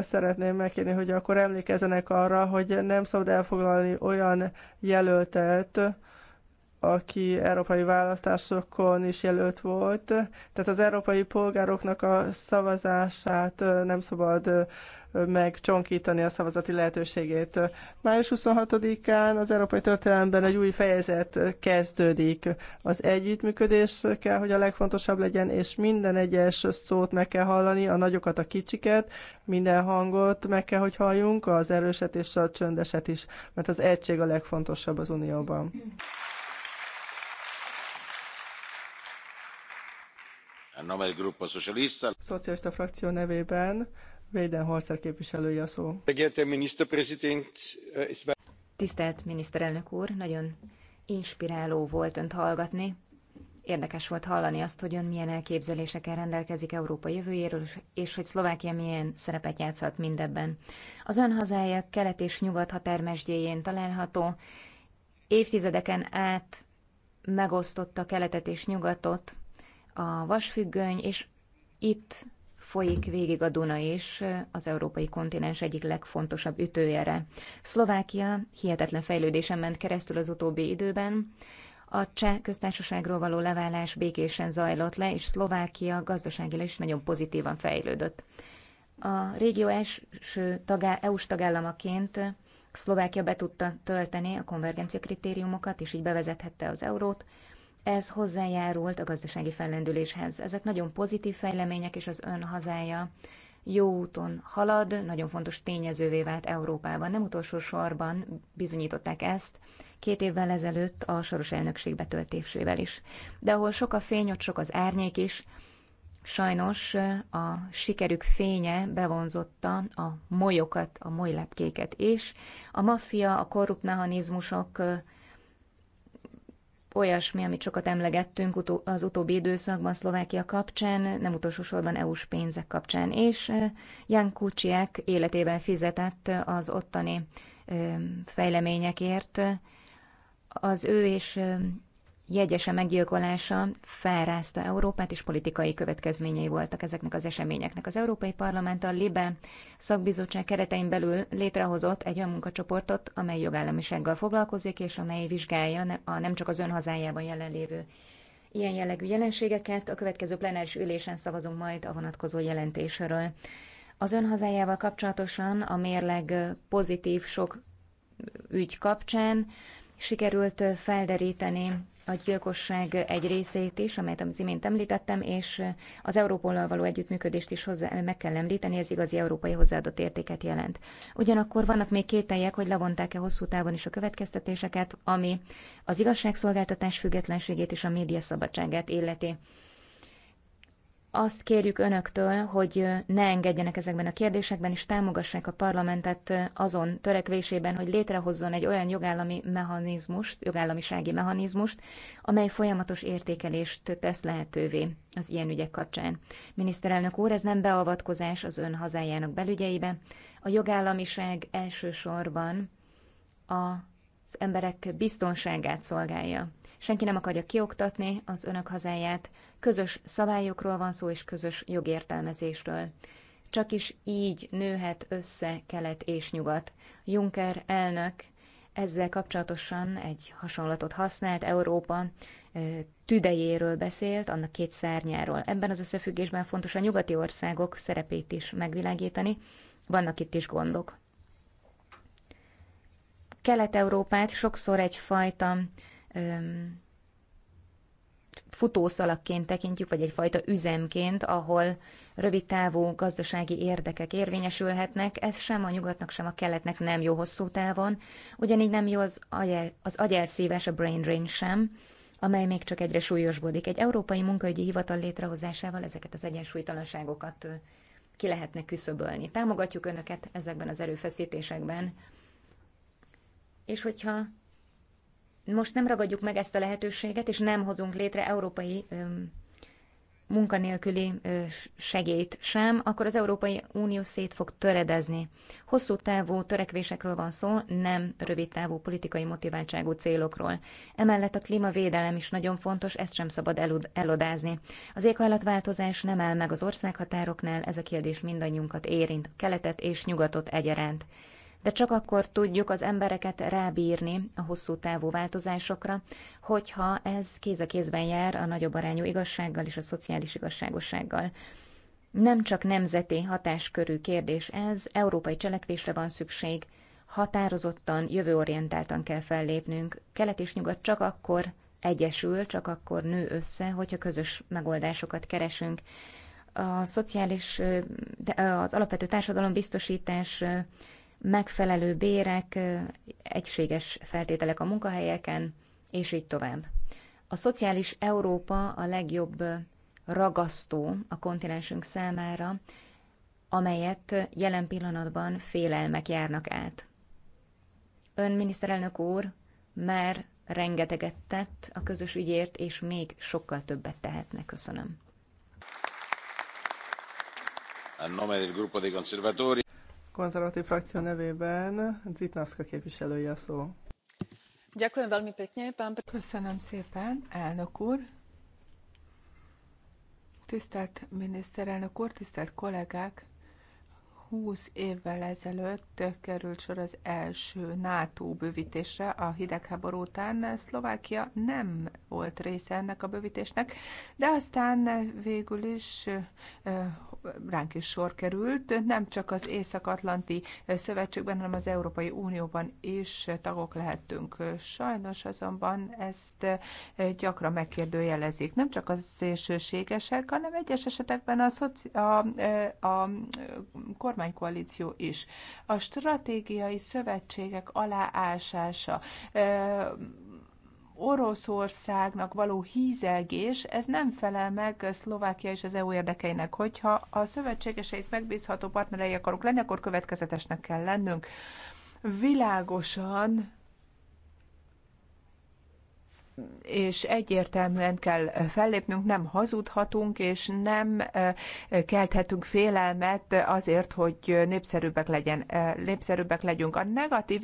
S2: Szeretném megkérni, hogy akkor emlékezzenek arra, hogy nem szabad elfoglalni olyan jelöltet, aki európai választásokon is jelölt volt. Tehát az európai polgároknak a szavazását nem szabad megcsonkítani a szavazati lehetőségét. Május 26-án az Európai Történelemben egy új fejezet kezdődik. Az együttműködés kell, hogy a legfontosabb legyen, és minden egyes szót meg kell hallani, a nagyokat, a kicsiket, minden hangot meg kell, hogy halljunk, az erőset és a csöndeset is, mert az egység a legfontosabb az Unióban.
S1: A nome del gruppo socialista.
S2: Szocialista frakció nevében képviselője a szó.
S1: Eh, Tisztelt miniszterelnök úr, nagyon inspiráló volt önt hallgatni. Érdekes volt hallani azt, hogy ön milyen elképzelésekkel rendelkezik Európa jövőjéről, és hogy Szlovákia milyen szerepet játszhat mindebben. Az ön hazája kelet és nyugat határmesdjéjén található, évtizedeken át megosztotta keletet és nyugatot a vasfüggöny, és itt folyik végig a Duna is, az európai kontinens egyik legfontosabb ütőjere. Szlovákia hihetetlen fejlődésen ment keresztül az utóbbi időben, a cseh köztársaságról való leválás békésen zajlott le, és Szlovákia gazdaságilag is nagyon pozitívan fejlődött. A régió első tagá, EU-s tagállamaként Szlovákia be tudta tölteni a konvergencia kritériumokat, és így bevezethette az eurót, ez hozzájárult a gazdasági fellendüléshez. Ezek nagyon pozitív fejlemények, és az ön hazája jó úton halad, nagyon fontos tényezővé vált Európában. Nem utolsó sorban bizonyították ezt két évvel ezelőtt a soros elnökség betöltésével is. De ahol sok a fény, ott sok az árnyék is. Sajnos a sikerük fénye bevonzotta a molyokat, a molylepkéket is. A maffia, a korrupt mechanizmusok olyasmi, amit sokat emlegettünk az utóbbi időszakban Szlovákia kapcsán, nem utolsó sorban EU-s pénzek kapcsán, és Jan Kuciek életével fizetett az ottani fejleményekért. Az ő és jegyese meggyilkolása felrázta Európát, és politikai következményei voltak ezeknek az eseményeknek. Az Európai Parlament a LIBE szakbizottság keretein belül létrehozott egy olyan munkacsoportot, amely jogállamisággal foglalkozik, és amely vizsgálja a nem csak az ön hazájában jelenlévő ilyen jellegű jelenségeket. A következő plenáris ülésen szavazunk majd a vonatkozó jelentésről. Az ön hazájával kapcsolatosan a mérleg pozitív sok ügy kapcsán sikerült felderíteni a gyilkosság egy részét is, amelyet az imént említettem, és az Európollal való együttműködést is hozzá, meg kell említeni, ez igazi európai hozzáadott értéket jelent. Ugyanakkor vannak még kételjek, hogy levonták-e hosszú távon is a következtetéseket, ami az igazságszolgáltatás függetlenségét és a média szabadságát illeti azt kérjük önöktől, hogy ne engedjenek ezekben a kérdésekben, és támogassák a parlamentet azon törekvésében, hogy létrehozzon egy olyan jogállami mechanizmust, jogállamisági mechanizmust, amely folyamatos értékelést tesz lehetővé az ilyen ügyek kapcsán. Miniszterelnök úr, ez nem beavatkozás az ön hazájának belügyeibe. A jogállamiság elsősorban az emberek biztonságát szolgálja. Senki nem akarja kioktatni az önök hazáját, közös szabályokról van szó és közös jogértelmezésről. Csak is így nőhet össze kelet és nyugat. Juncker elnök ezzel kapcsolatosan egy hasonlatot használt, Európa tüdejéről beszélt, annak két szárnyáról. Ebben az összefüggésben fontos a nyugati országok szerepét is megvilágítani, vannak itt is gondok. Kelet-Európát sokszor egyfajta futószalakként tekintjük, vagy egyfajta üzemként, ahol rövid távú gazdasági érdekek érvényesülhetnek, ez sem a nyugatnak, sem a keletnek nem jó hosszú távon, ugyanígy nem jó az, agyel, az agyelszíves, a brain drain sem, amely még csak egyre súlyosbodik. Egy európai munkaügyi hivatal létrehozásával ezeket az egyensúlytalanságokat ki lehetne küszöbölni. Támogatjuk Önöket ezekben az erőfeszítésekben, és hogyha most nem ragadjuk meg ezt a lehetőséget, és nem hozunk létre európai munkanélküli segélyt sem, akkor az Európai Unió szét fog töredezni. Hosszú távú törekvésekről van szó, nem rövid távú politikai motiváltságú célokról. Emellett a klímavédelem is nagyon fontos, ezt sem szabad elodázni. Az éghajlatváltozás nem áll meg az országhatároknál, ez a kérdés mindannyiunkat érint, keletet és nyugatot egyaránt de csak akkor tudjuk az embereket rábírni a hosszú távú változásokra, hogyha ez kéz a kézben jár a nagyobb arányú igazsággal és a szociális igazságossággal. Nem csak nemzeti hatáskörű kérdés ez, európai cselekvésre van szükség, határozottan, jövőorientáltan kell fellépnünk. Kelet és nyugat csak akkor egyesül, csak akkor nő össze, hogyha közös megoldásokat keresünk. A szociális, az alapvető társadalombiztosítás megfelelő bérek, egységes feltételek a munkahelyeken, és így tovább. A szociális Európa a legjobb ragasztó a kontinensünk számára, amelyet jelen pillanatban félelmek járnak át. Ön, miniszterelnök úr, már rengeteget tett a közös ügyért, és még sokkal többet tehetne. Köszönöm
S2: konzervatív frakció nevében Zitnavska képviselője a szó.
S3: Köszönöm szépen, elnök úr. Tisztelt miniszterelnök úr, tisztelt kollégák! 20 évvel ezelőtt került sor az első NATO bővítésre a hidegháború után. Szlovákia nem volt része ennek a bővítésnek, de aztán végül is ránk is sor került. Nem csak az Észak-Atlanti Szövetségben, hanem az Európai Unióban is tagok lehettünk. Sajnos azonban ezt gyakran megkérdőjelezik. Nem csak az szélsőségesek, hanem egyes esetekben a, szoci- a, a, a kormánykoalíció is. A stratégiai szövetségek aláásása, Oroszországnak való hízelgés, ez nem felel meg Szlovákia és az EU érdekeinek. Hogyha a szövetségeseik megbízható partnerei akarunk lenni, akkor következetesnek kell lennünk. Világosan és egyértelműen kell fellépnünk, nem hazudhatunk, és nem kelthetünk félelmet azért, hogy népszerűbbek, legyen, népszerűbbek legyünk. A negatív